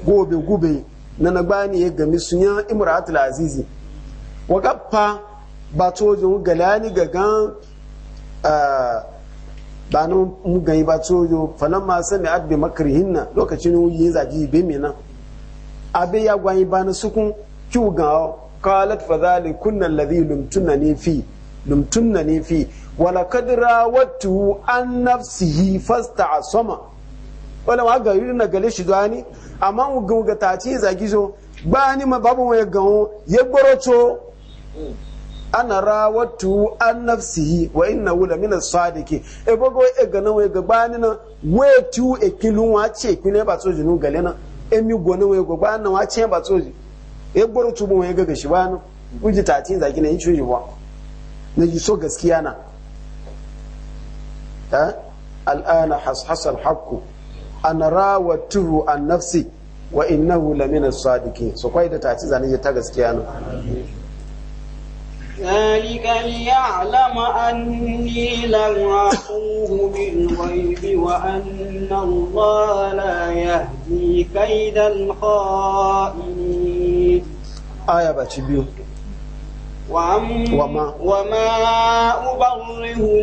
gobe gube na na gbani ya gami sunya imratul azizi wa gaffa ba tojin galani ga gan ba nan mugayi ba falon ma sami abin makarihin lokacin yi zaji be mina abe ya gwayi ba na sukun kiwu ga kalat fa zali kunnan ladhi ne fi fi wala kadira wattu an nafsihi fasta wala wa ga yiri na gale shi dani amma mu ga ga taci zagi zo ba ni ma babu mai gawo ya gboroto ana rawatu an nafsihi wa inna wula min as-sadiqi e bogo e ga na we ga ba ni na we tu e kilun wa ce kile ba soji nu gale na e mi go na we go ba na wa ce ba soji e gboroto mu we ga ga shi ba na uji taci zagi na yi shuji ba na ji so gaskiya na eh? al'ana hashasal hakku ana rawa tuhu an nafsi wa inna hula mina sadiki so kwai da tace zan yi ta gaskiya nan ذَلِكَ لِيَعْلَمَ أَنِّي لَمْ أَخُوهُ بِالْغَيْبِ وَأَنَّ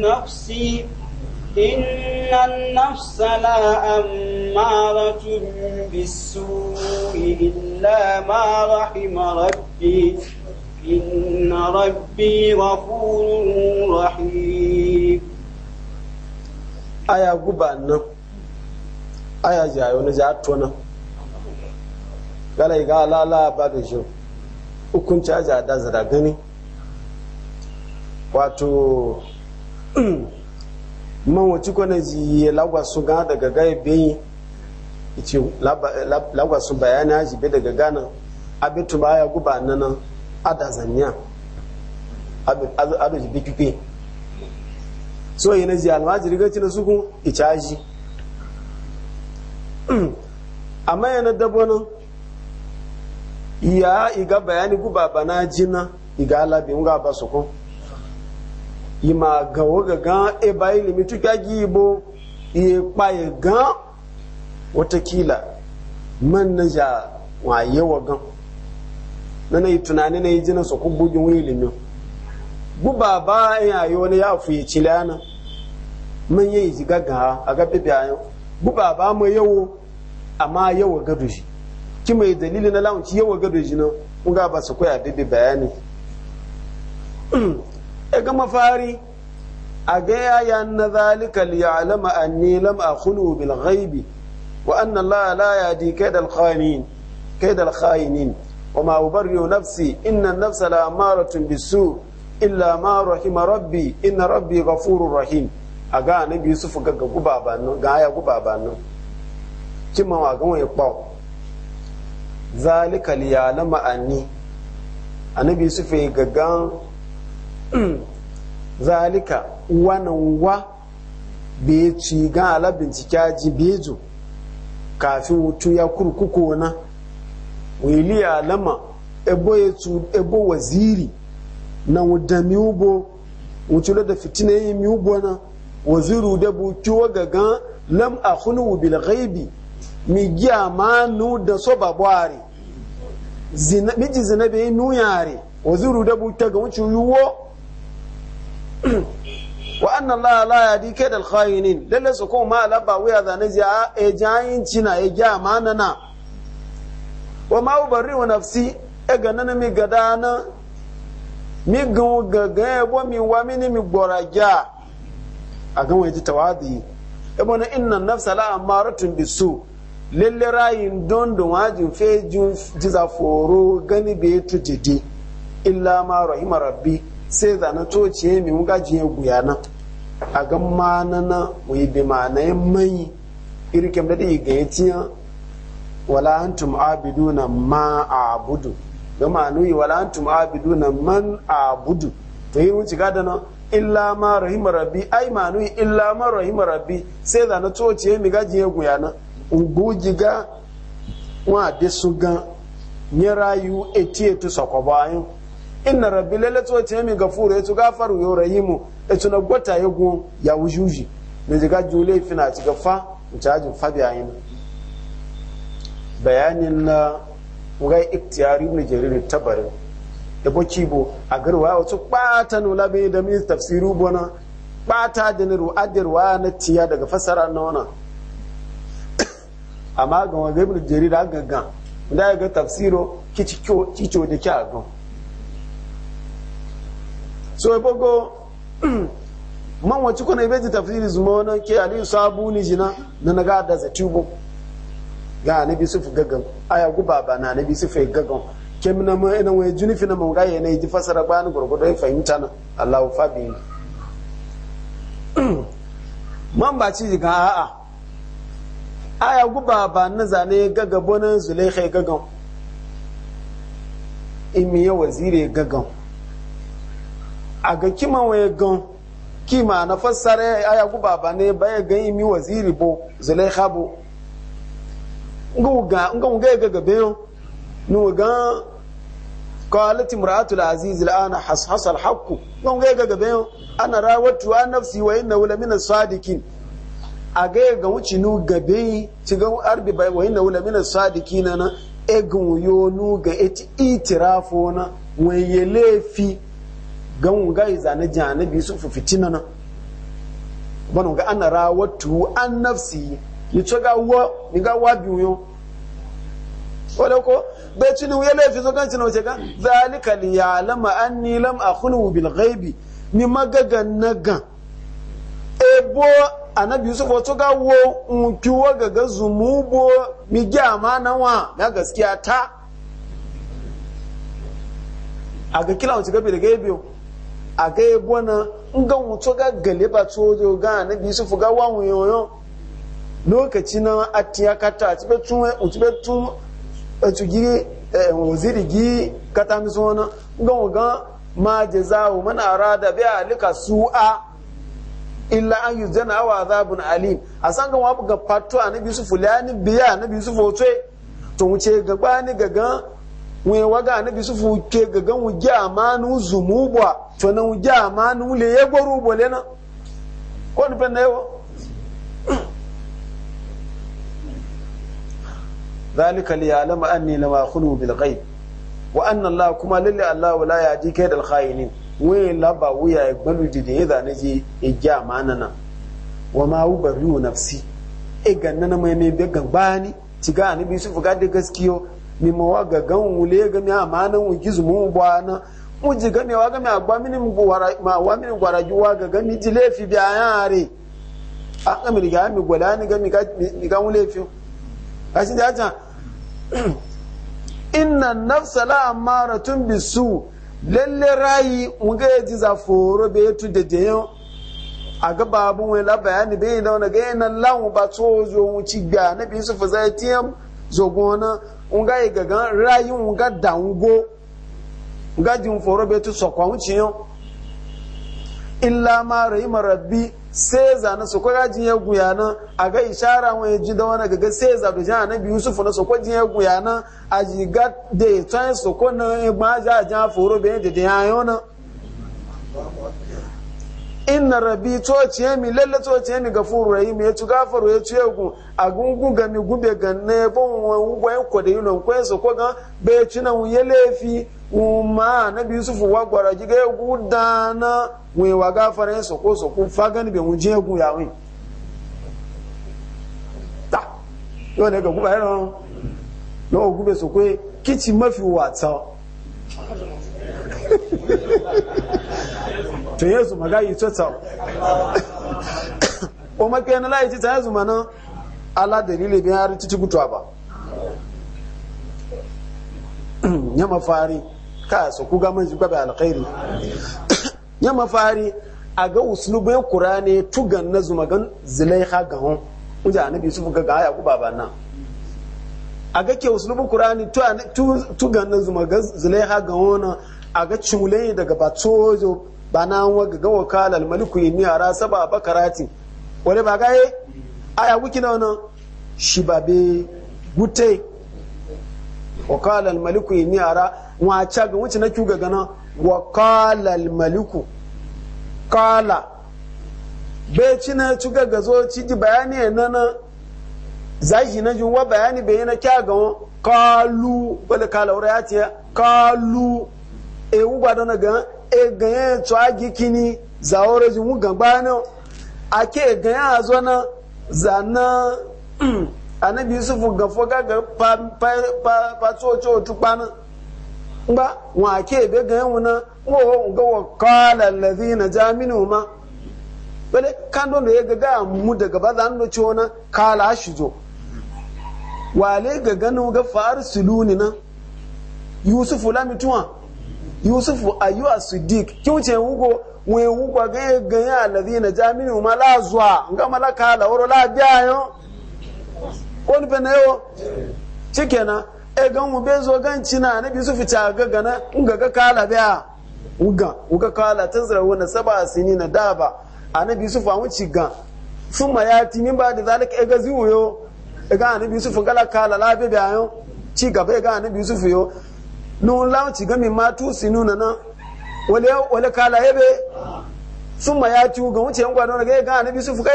nafsi إن النفس لا بالسوء إلا ما رحم ربي إن ربي غفور رحيم aya guba nan aya jayo na jato nan galai ga lala ba da shi gani man wace kwana ji e e lagwasu gana daga gaya bayi ce lagwasu bayani ya jibe daga gana abitu baya guba nan ada zanya ado jibe pipe so yi na ji almajiri gaci na suku icaji amma yana dabo nan ya iga bayani guba bana jina iga alabi nga ba sokon ima gawo ga gan e ba ilimi tuka gibo iye e kpaye gan watakila man na wa gan na na yi tunani na yi jina su ku bugin wani ilimin buba ba in ayi wani ya fuye cilana man yi a gado mai dalili na launci gado shi na kun ba gama mafari a ga yaya na zalika liya'lama anni lam akhunu bil ghaibi wa anna Allah la yahdi kaydal khanin kaydal khainin wa ma ubarri'u nafsi inna an-nafsa bisu illa ma rahima rabbi inna rabbi ghafurur rahim ga ga ya kimma wa ga wani zalika liya'lama anni annabi zalika wannan wa bai ci ga ala bincike ji bejo kafin wutu ya kurkuku na wili alama ebo yetu ebo waziri na wuda ubo wutu da fitina yi mi ubo na waziru da buki wa gaga lam a akhunu bil ghaibi mi giya ma nu da so babware zina miji zinabe yi nuyare waziru da buki ga wucin yiwo wa anna allaha la yahdi kayd al khayinin lalle su ko ma la ba wuya zane ji a ah, e jayin cina e ja nana, wa ma ubari wa nafsi e ganana mi gada na mi gun gaga e bo mi wa mini mi gboraja a gan waje tawadi e na inna nafsa la amaratun su lalle rayin don don wajin fe jin jiza foro gani be tujidi illa ma rahima rabbi sai to na toce mai muka jiye guya na a ga mana na wai bi mana yin mai irkem da dai ga yatiya wala antum na ma abudu ga manu yi wala antum na man abudu to yi wuce gada na illa ma rahima rabbi ai manu illa ma rahima rabbi sai da na toce mi ga jiye guya na ugogi ga wa de sugan nyerayu etietu sokobayin inna rabbi lalle tso ce mi gafuru ya gafaru yo rahimu ya tuna na gwata ya gun ya wujuji ne jiga jule fina ci gafa mu ci ajin fabi ayin bayanin na ngai iktiyari jere ne tabari da boki bo a garwa wato bata nula bai da mi tafsiru bona bata da ni ru'adirwa na tiya daga fasara na wannan amma ga wanda ibn jarir ga gaggan da ga tafsiro kici kyo kico da kya gan so ebogo man wacce kuna ibe ji tafsiri zuma wani ke aliyu sabu ni jina na naga da za tubo ga bi sufu gaggan aya guba ba na anabi sufu gaggan ke mina ma ina wai juni fina mun gaya yana ji fasara ba ni gurgudu ya fahimta na Allah fabi bi man ba ci ga a'a aya guba ba na zane gaggabonin kai gaggan imiya wazire gaggan Aga kima wa ya gan kima na fassara ya aya guba ba ne ba ya gan imi waziri bo zulaikha habo. nga nga ana hashas al-haqq nga ana rawatu nafsi wa a ga e ga wuci nu ci ga bai wa na egun nu ga itirafu na wayele laifi gan gai zane janabi su fi fitina nan bana ga ana rawatu an nafsi ni to ga wo ni ga wa bi yo wala ko be tuni wuya le fi so kan tuna wace ga zalika li ya'lama anni lam akhlu bil ghaibi ni magaga naga ebo anabi yusuf wato ga wo nki wo gaga zumubo mi gyama na wa ga gaskiya ta a ga kila wace gabi da gaibiyo a ga ebo na nga wuto ga gale ba cojo ga na bi su fuga wa wuyoyo lokaci na atiya kata ati be tun e ti be tun e tu gi e eh, waziri gi kata mi so na nga ga ma jazahu man arada bi alika su'a illa an yuzana aw azabun alim asan ga wa ga patu anabi su fulani biya anabi su fotoe to wuce gaba ni gagan wa waga na bisu fu ke gagan wu gya ma nu zumu bwa to na wu gya ma nu le ye goru bo le na ko ni pen dewo dalika li ya'lam anni la ma khulu bil wa anna allah kuma lilli allah wala ya ji dal di da ne ji e gya ma na na wa ma nafsi e na mai bani ciga ni bisu fu gaskiyo mi mo ga gan wule ga mi amana wu gizu mu bwana mu ji ga mi wa ga mi agba mi ni mu wara ma wa mi ni gwara ju wa ga ga mi ji lefi bi ayare a ga mi ga mi gwala ni ga mi ga mi ga wule fi a shi da ta inna nafsa la amaratun bisu lalle rayi mu ga ji za foro be tu de de yo a ga babu wani la bayani bai da wani ga yana lawo ba tsozo mu ci ga na bi su fa zai tiyam zogona nga yi gagan rayi nga dango nga jin foro be tu sokwa wuci yo illa ma rayi marabbi sai na su kwa gajin ya guya na aga ishara wani ji da wani gaga sai za da jana nabi yusuf na su kwa ya guya na aji ga da ya na su e kwa na ya gbaja a jan foro be na da ya inna rabi tociye mi lalle tociye mi gafuru rahim ya ci gafaru ya ci yagu agungu ga mi gube ga ne bon wa ko da yulon ko so ko ga be ci na ya lefi umma nabi yusuf wa gwara ji ga yagu dana we wa gafara so ko so ko faga ni be mu je ya we ta yo ne ga no so ko mafi to magayi maga tsotsa o ma ke na lai ti mana ala dalile bi har titi gutwa ba nya mafari ka so ku ga manzi gaba alkhairi nya mafari a ga uslubin qur'ani tugan na zumagan zulaiha ga hon uja annabi yusuf ga ga aya ku baba na. a ga ke uslubin qur'ani tugan na zumagan zulaiha ga hon a ga cimule daga batsojo. ba na an waga ga wakalar maliku yi niyara saba bakarati wani ba gaye ya wiki na wani shi ba be gute wakalar maliku yi niyara wace ga wuce na kyuga gana wakalar maliku kala bai ci na cuga ga zo ci ji bayani na na zashi na jinwa bayani bai na kya ga kalu wani kala wuri ya ce kalu ewu gbadana na ga eganyen tsoagi kini za oro ji wugan gbano ake eganyen azo na za na hmm, anabi yusuf gafo gaga pa pa pa pa tso tso tukpana ngba wọn ake ebe ganyen wuna na, wọn ga wọn kala lazi na jaminu ma wale kan don da ya gaga mu daga ba za mu ci wani kala shi zo wale ga ganin ga faru suluni na yusufu lamituwa yusufu ayuwa siddiq kyuce wuko we wuko na ganya ma. La zuwa, nga malaka la oro la jayo kon penayo na? e gan be bezo gan cina na yusufu ta ga gana nga ga la biya uga uga kala tazra wana saba sini sinina daba anabi yusufu an wuci gan summa ti, min ba da zalika e ga ziwu yau? e ga anabi yusufu gala kala la biya yau? ci gaba e ga anabi yusufu yau? nun launci gami matu sinu na nan wale kala yabe sun ma ya ci ga wuce yankwa gwanon ga ga anabi su fuka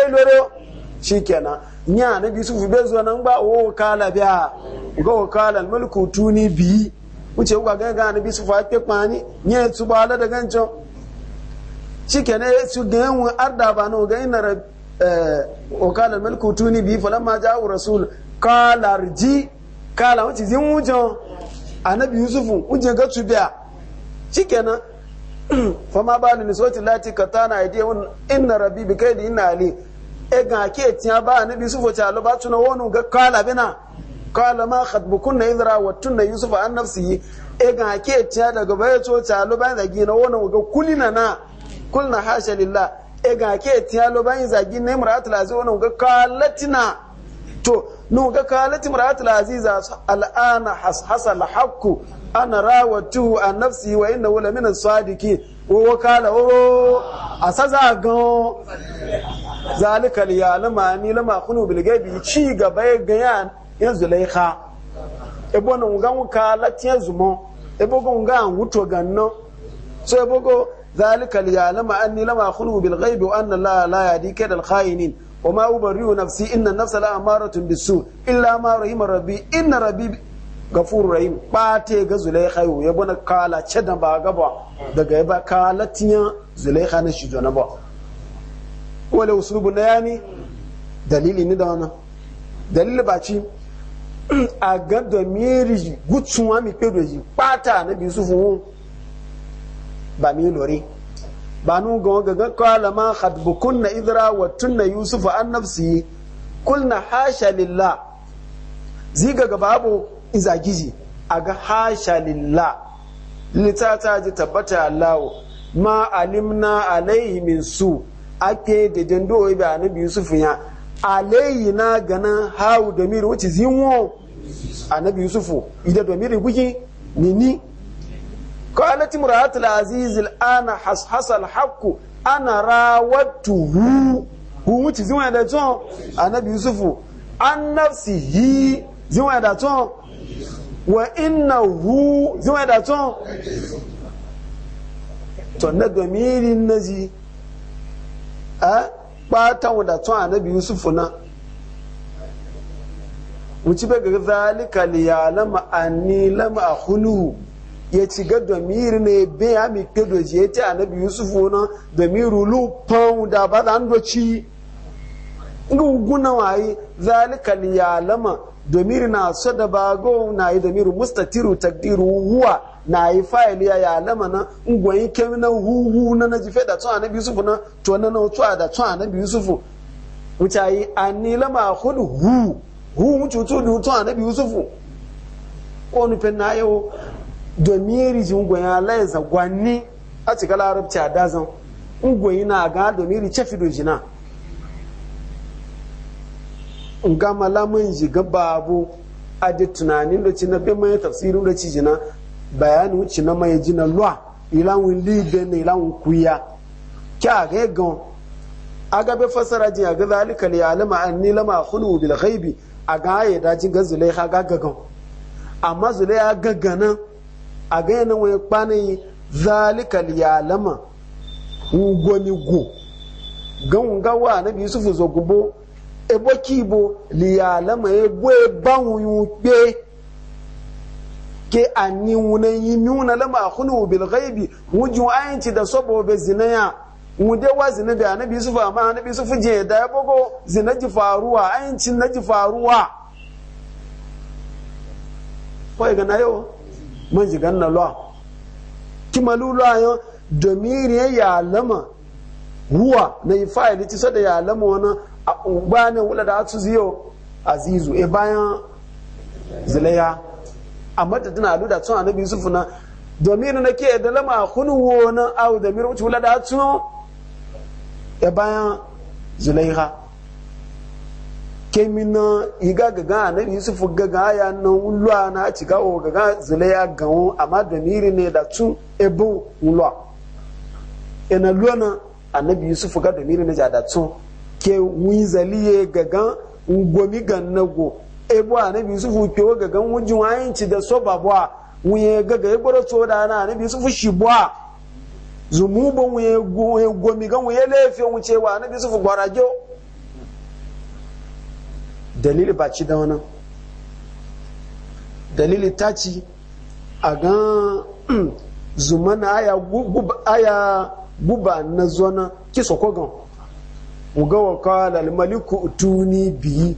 shi kenan, nya anabi su bai zuwa nan ba o kala biya ga o kala mulku tuni bi wuce yankwa gwanon ga anabi su fa ke kwani nya su ba la da ganjo ya su ga yan arda ba no ga ina eh, o kala mulku tuni bi falamma ja'u rasul kala rji kala wuce zin wujan annabi yusufu uje ga tubiya shikenan fama ba ni nisoci lati na aidiya wani inna rabi bi kai da inna ali e ga ke tiya ba annabi yusufu ta lo ba tuna wani ga kala bina kala ma khadbukunna idra wa tunna yusufu an nafsi e ga ke tiya daga baya to ta lo ba zagi na wani ga kulina na kulna hasha lillah e ga ke tiya lo ba zagi na imratul aziz wani ga kalatina to nuga kalati maratul aziza al'ana hasal haqqu ana rawatu an nafsi wa wala min as sadiqi wa wakala o asaza gan zalika liyalama ni lama khunu bil gaibi ci gaba ganyan yan zulaikha ebo no nga wuka latiyan zumo ebo go nga wuto ganno so ebo go zalika liyalama anni lama khunu bil gaibi wa anna la la yadi kadal khayinin وما أبرئ نفسي إن النفس لأمارة بالسوء إلا ما رحم ربي إن ربي غفور رحيم باتي زليخا يبون كالا تشدن باغبا دغا يبا كالا تيا زليخا نشجونا با ولا أسلوب نياني دليل ندانا دليل باتشي agado miri gutsuwa mi pedoji pata na bi sufu ba mi lori banu ga ga kwala ma khadbukunna idra wa tunna yusufu an nafsi kulna hasha lilla ziga ga babu a aga hasha lillah litata ji tabbata allahu ma alimna alaihi min su ake da dando ibe anabi yusuf ya alaihi na ganan hawu da miri wuce zinwo anabi yusufu ida da miri guji ni. قالت امرأة العزيز الآن حصحص الحق أنا راودته هو متي زوين دا تون النبي يوسف عن نفسه زوين دا تون وإنه زوين دا تون تون ندمير النزي أه باتن دا تون النبي يوسف نا wuci bai ga zalika liyalama anni lama akhuluhu ya ci ga domiri ne be ya mi ke doji ya ce anabi yusuf wona domiri lu da ba da an doci ga guna wayi zalika li lama, domiri na so da ba go na yi domiri mustatiru takdiru huwa na yi fayil ya yalama na ngwayin na huhu na na jife da tun anabi yusuf na to na na to da tun annabi yusuf wucayi anila ma hudu hu hu wucutu da anabi Yusufu, ko nufin na yau domiri ji ngwaya laiza gwanni a cika larabci a dazan ngwayi na ga domiri cefi dojina nga malamin ji babu a da tunanin da ci na bin mai tafsirin da ci jina bayanin wuce na mai jina lwa ilawun libe na ilawun kuya kya ga gan aga bai fasara jin aga zalika li alama anni lama khulu bil ghaibi aga ya daji ga zulaiha ga gagan amma zulaiha a ga yana wani kwanan zalika liyalama ugwani go gan gawa na bi su zo gubo ebo kibo liyalama ebo ebawun yun pe ke ani wunan yi miuna lama khulu bil ghaibi wujun ayanci da sobo be zinaya mu dai wa zina da annabi yusuf amma annabi yusuf je da ya bogo zina ji faruwa ayanci na ji faruwa ko ga na yau man jigan na lwa kimalu lwa yo domiri ya lama huwa na yi fa'ili ti da ya lama wani a ubane wula da su ziyo azizu e bayan zilaya amma da tana alu da tun annabi yusuf na domiri na ke da lama kunu wona au domiri wuce wula da tun e bayan zilaiha kemina iga gaga nan yusufu gaga ya nan ulwa na cika o gaga zule ya gawo amma da miri ne da tun ebo ulwa ina luwana annabi yusufu ga da miri ne da tun ke wizaliye gaga ngomi gannago ebo annabi yusufu ke gaga wujin wayinci da so babwa wuye gaga ya gboro so da na annabi yusufu shibwa zumubon wuye gomi ga wuye lefe wucewa annabi yusufu gwarajo dalili ba ci da wani dalili ta ci a gan hmm, zumana aya guba na zona kisa kogon uga wa kawala almaliku tuni biyi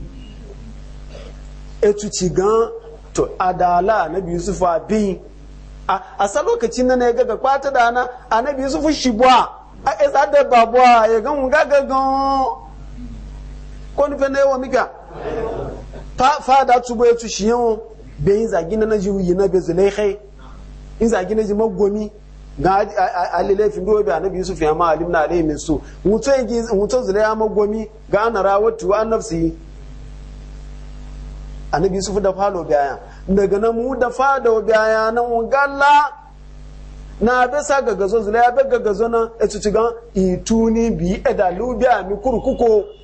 etu ci gan to adala na biyu fa biyi a sa lokacin na ya gaga kwata da na anabi shi buwa a isa e da babuwa ya gan gaga gan ko na yawa mika ta fada tubo ya tu shiyan bai yin zagi na na yi na zulai kai in zagi na ji magwami ga alilai fi dobe annabi yusuf ya ma na alai min su mutu zulai ya magwami ga ana rawatu an nafsi annabi yusuf da falo biyaya daga nan mu da wa biyaya na galla na be sa gagazo zulaiha be gagazo na etu ci gan ituni bi edalu biya mi kurkuku.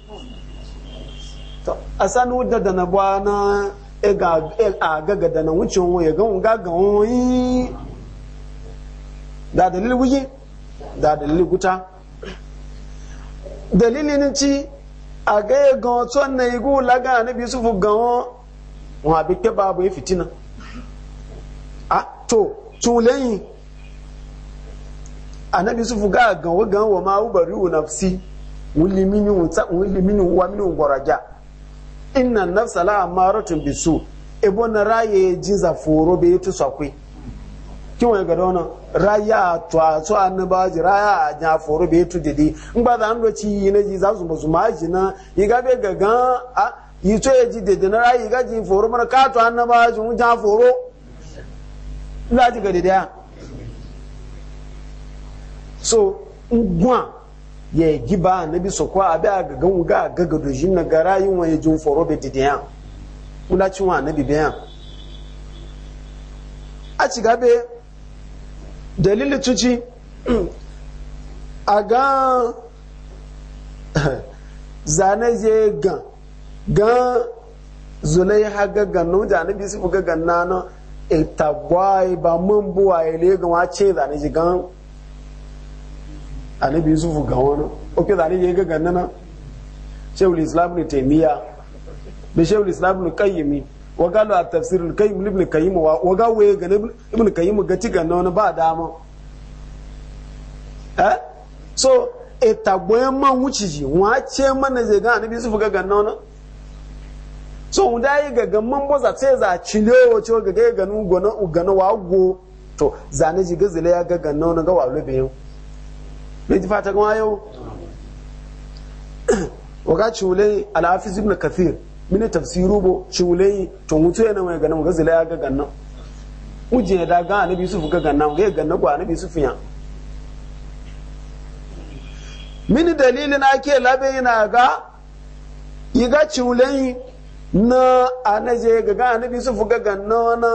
to asanu da da na bwana e ga e a gaga da na wucin wo ya ga un ga ga yi da dalil wuji da dalil guta dalilin ci a ga ya ga to na igu laga na bi su fu ga won wa bi ke babu fitina a to tun lẹ́yìn anabi sufu gaa gan wo gan wo ma ubaru nafsi wuli minu wa minu gwaraja inna nafsa la amaratun bisu ebo na raye jiza foro be tu sakwe kin wani ga ra raya to a so ra raya a foro be tu didi in ba za ndo yi na ji za su musu maji na yi ga be gaga a yi to ya ji didi na rayi ga ji foro mana ka to ji mu ja foro za ji ga didi so ngwa ya ba na bisa kwa abi a ga wuga a ga ga dojin na gara yin wa jin foro be didiyan kula cin wa na bibiyan a ci gabe dalilin tuci a ga zane je gan gan zulai gan gaggan nun jani bisa su gaggan na na ita gwai ba mun buwa ya le gan ce zane je gan annabi yusuf ga wani da zane ya ga ganna na shehu islam ne taimiya da shehu islam ne kayyami waga lo a tafsirin kayyami ibn kayyami wa waga waye ga ibn kayyami ga ci ganna wani ba dama eh so e tagboyan man wuci ji wace mana zai ga annabi yusuf ga ganna wani so mu dai ga gamman boza sai za cile wace ga ga ganu gona ugana wago to zane ji gazile ya ga ganna wani ga walu biyu ne fata kuma yau waga ciwule al'afis ibn kathir mini tafsiru bo ciwule tun mutu yana mai ganin gazi la ya ga gannan uje ya daga anabi yusuf ga gannan ga gannan ko anabi yusuf ya mini dalilin ake labe yana ga yi ga ciwule na anaje ga ga anabi yusuf ga gannan na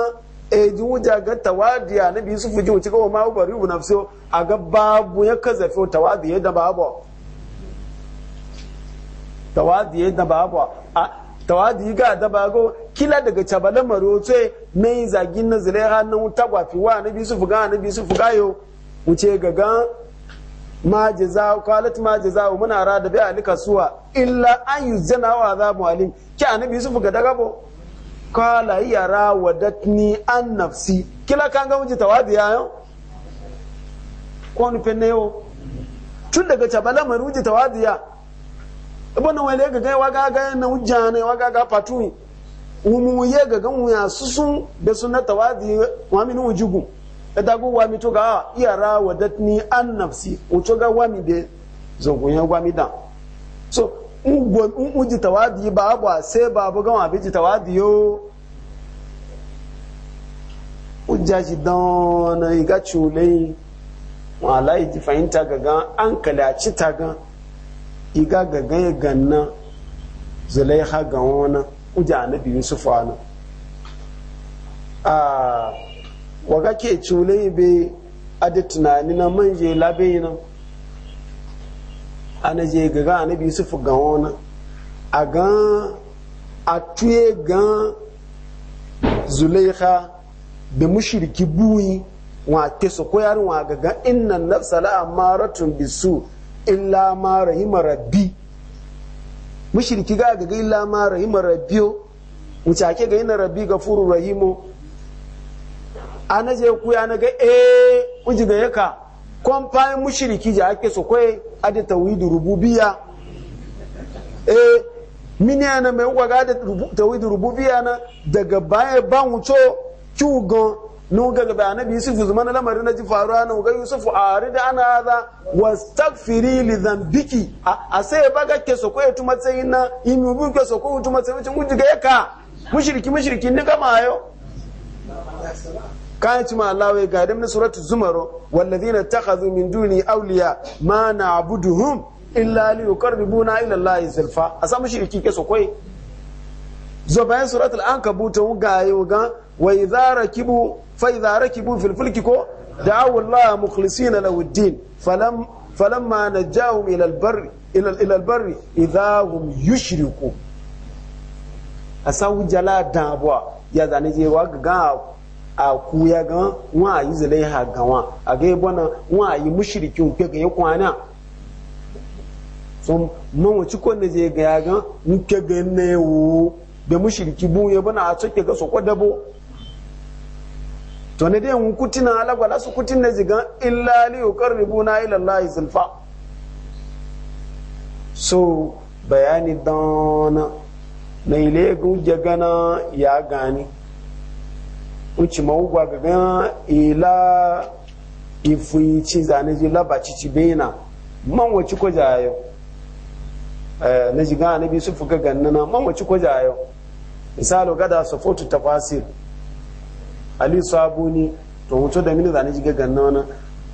eji wuja ga tawadiya na biyu su fuji wuce kawai ma bari ubu nafsi a ga babu ya ka zafi da babu tawadiya da babu a tawadi ga da bago kila daga cabala marote na yi zagin na zire hannun tagwafi wa na biyu ga fuga na biyu fuga yau wuce ga ma jaza kwalit ma jaza mun da bi alika suwa illa an yuzjana wa mu alim ki annabi yusuf ga dagabo kala hiya rawadatni an nafsi kila kanga mji tawadi yayo kwani peneo tun daga cabala mai ruji tawadi ya ibn wale ga ga waga ga na ujane waga ga patuni umu ye ga ga ya susun da sunna tawadi wa min ujugu da go wa mi to ga iya rawadatni an nafsi uto ga wa mi zo zogun ya gwa mi da so uji tawadi ba abuwa sai ba abu gama bi ji tawadi yo ujja shi don iga cule wala ji fahimta gagan an kalaci ta gan iga gagan ya ganna ha ga wani na annabi yusuf ana a ah, waga ke cule bai adi tunani na manje labe nan ana je gaga su fi ga wani a gan a tuye gan zulaiha da mushirki buyi wa te su koyar wa gaga inna nafsa la amaratun bisu illa ma rahima rabbi mushirki ga gaga illa ma rahima rabbiyo wuce ake ga rabbi furu rahimo ana je kuya na ga eh uji ga yaka kwan fayin mushiriki ji ake so kwe ade tawhidu rububiya e mini ana mai uwa ga ade tawhidu rububiyya na daga baya ban wuto kyugon nuga gaba su zuzuma na lamarin na ji faruwa na wuga yusufu ari da ana haza wastaghfiri li dhanbiki a sai baga ke so kwaye tuma sai na imi bu ke so kwaye tuma sai wujiga ya ka mushiriki mushiriki ni gama ayo kayan cima Allah wai ga na suratu zumaro wallazina takhadhu min duni awliya ma na'buduhum illa li yuqarribuna ila Allah zulfa asamu shi kike so koi zo bayan suratul ankabut ga yoga wa idza rakibu fa idza rakibu fil fulki ko da'u Allah mukhlisina lahu ad-din falam falamma najahum ila al-barri ila ila al-barri idza hum yushriku asawu jala dabwa ya zane wa ga A ya ga wa yi ha ga wa a ga na wa yi mushiriki ke ga kwana? sun man wace ko na je ga ya ga nke ga ne yawo da mushiriki bu yabona a tsake ga sokwa dabo to ne dai yin kutina alagwa su kutin ne zigan illa li na ilan layi zulfa so bayani dana na ile gun jagana ya gani wuce mawugwa ga gan ila ifuyi ci zane ji laba ci bena man wace ko jayo na ji gan anabi su fuka gannana man wace ko jayo misalo gada safotu tafasir ali sabuni to hoto da mini zane ji ga gannana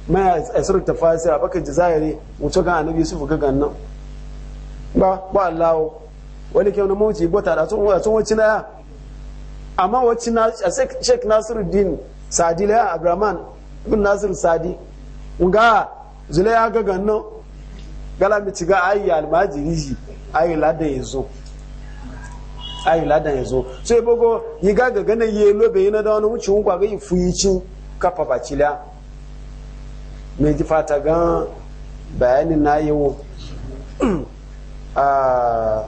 ma asir tafasir abaka jazairi hoto gan anabi su fuka gannan ba ba Allah wani kyau na mawuce bota da tun wacin ya amma wacce na sheik din sadi laya abraman ibn nasiru sadi nga ya ga ganno gala mi ci ga ayi almajiri ji ayi ladan yazo ayi ladan yazo so bogo yi ga ga ganan ye lobe yana da wani wuce wuka ga yi yi cin kafa bacila me ji fata ga bayanin na wo? a ah,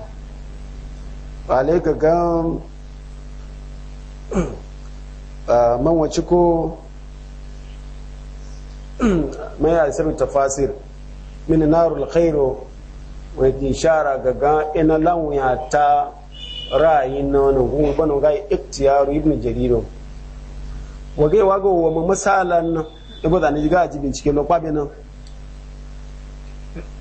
ba ga gan Ah, man wace ko mai asiru tafasir min narul khairu wani ishara ga ina lanwuya ta ra'ayi na wani gungun banu ga iktiyaru ibn jariro wage wago wa mu misalan nan ibo da ni ga ji bincike lo kwabe nan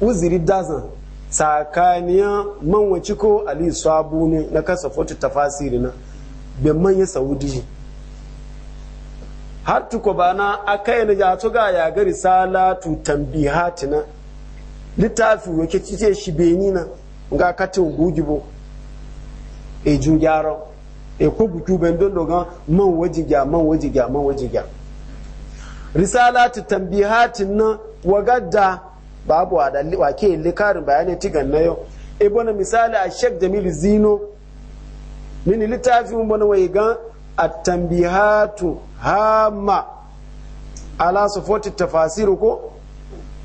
uziri dazan tsakaniya man wace ko ali sabu ne na kasa fotu tafasiri na bin manyan saudi har tuko bana akai na ja to ga ya ga risalatu tambihatina littafi wake cice shi beni na ga katin gugibo e ju gyara e ko buku ben don dogan man gya man wajiga man wajiga risalatu tambihatin na wagadda babu adalli wake likarin bayanai tigan na yau e bona misali a shek jamilu Zino mini littafin wani wai gan at-tanbihatu hama ala sufoti tafasiru ko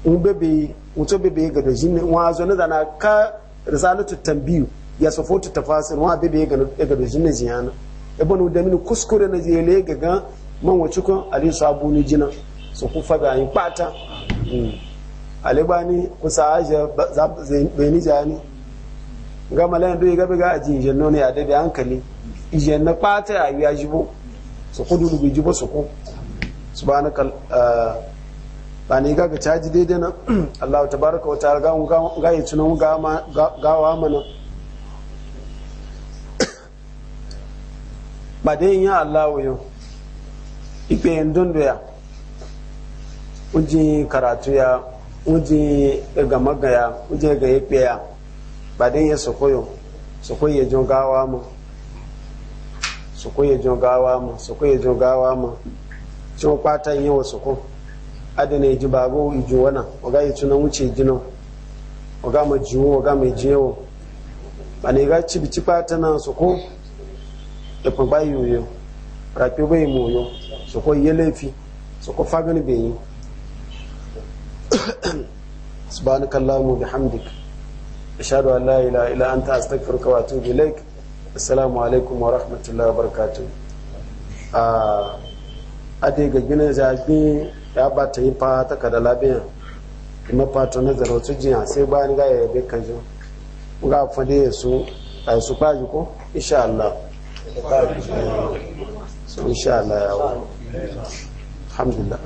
bebe mutu bebe ga da jinne wa zo na zana ka risalatu tanbiyu ya sufoti tafasiru wa bebe ga da jinne jiyana ibn da mini kuskure na je le ga gan man wace kun ali sabu ni jina su ku faga yin pata hmm. alibani kusa aje zeni jani gama malayan doyi gabe ga aji ijenno ne a dabe hankali ijenna ɓata ya yi ya jibo su kudu lubi jibo su ku su eh, ba na ba ne ga ga caji daidai nan allahu tabaraka wa ta'ala ga yi tunan gawa mana ba dai yin allahu yau ipe yin ya uji karatu ya uji ga magaya uji ga ya baden ya sokoyo sokoye jon gawa ma, mu sokoye jon gawa ma, mu sokoye jon gawa ma, cin kwata yi wa soko adana ji babu ijo wana oga yi tunan wuce gino oga ma jiwo oga mai jewo bane ga ci bici kwata na soko da ba yi yoyo rafi bai moyo soko yi laifi soko fagani bai yi subhanakallahumma bihamdika ashhadu an la ilaha illa wa atubu ilaik assalamu alaikum wa rahmatullahi wa a ga gina zabi ya ba ta yi fa ta kada labiyan kuma fata na su jiya sai bayan ga ya bai kan zo Allah wa alhamdulillah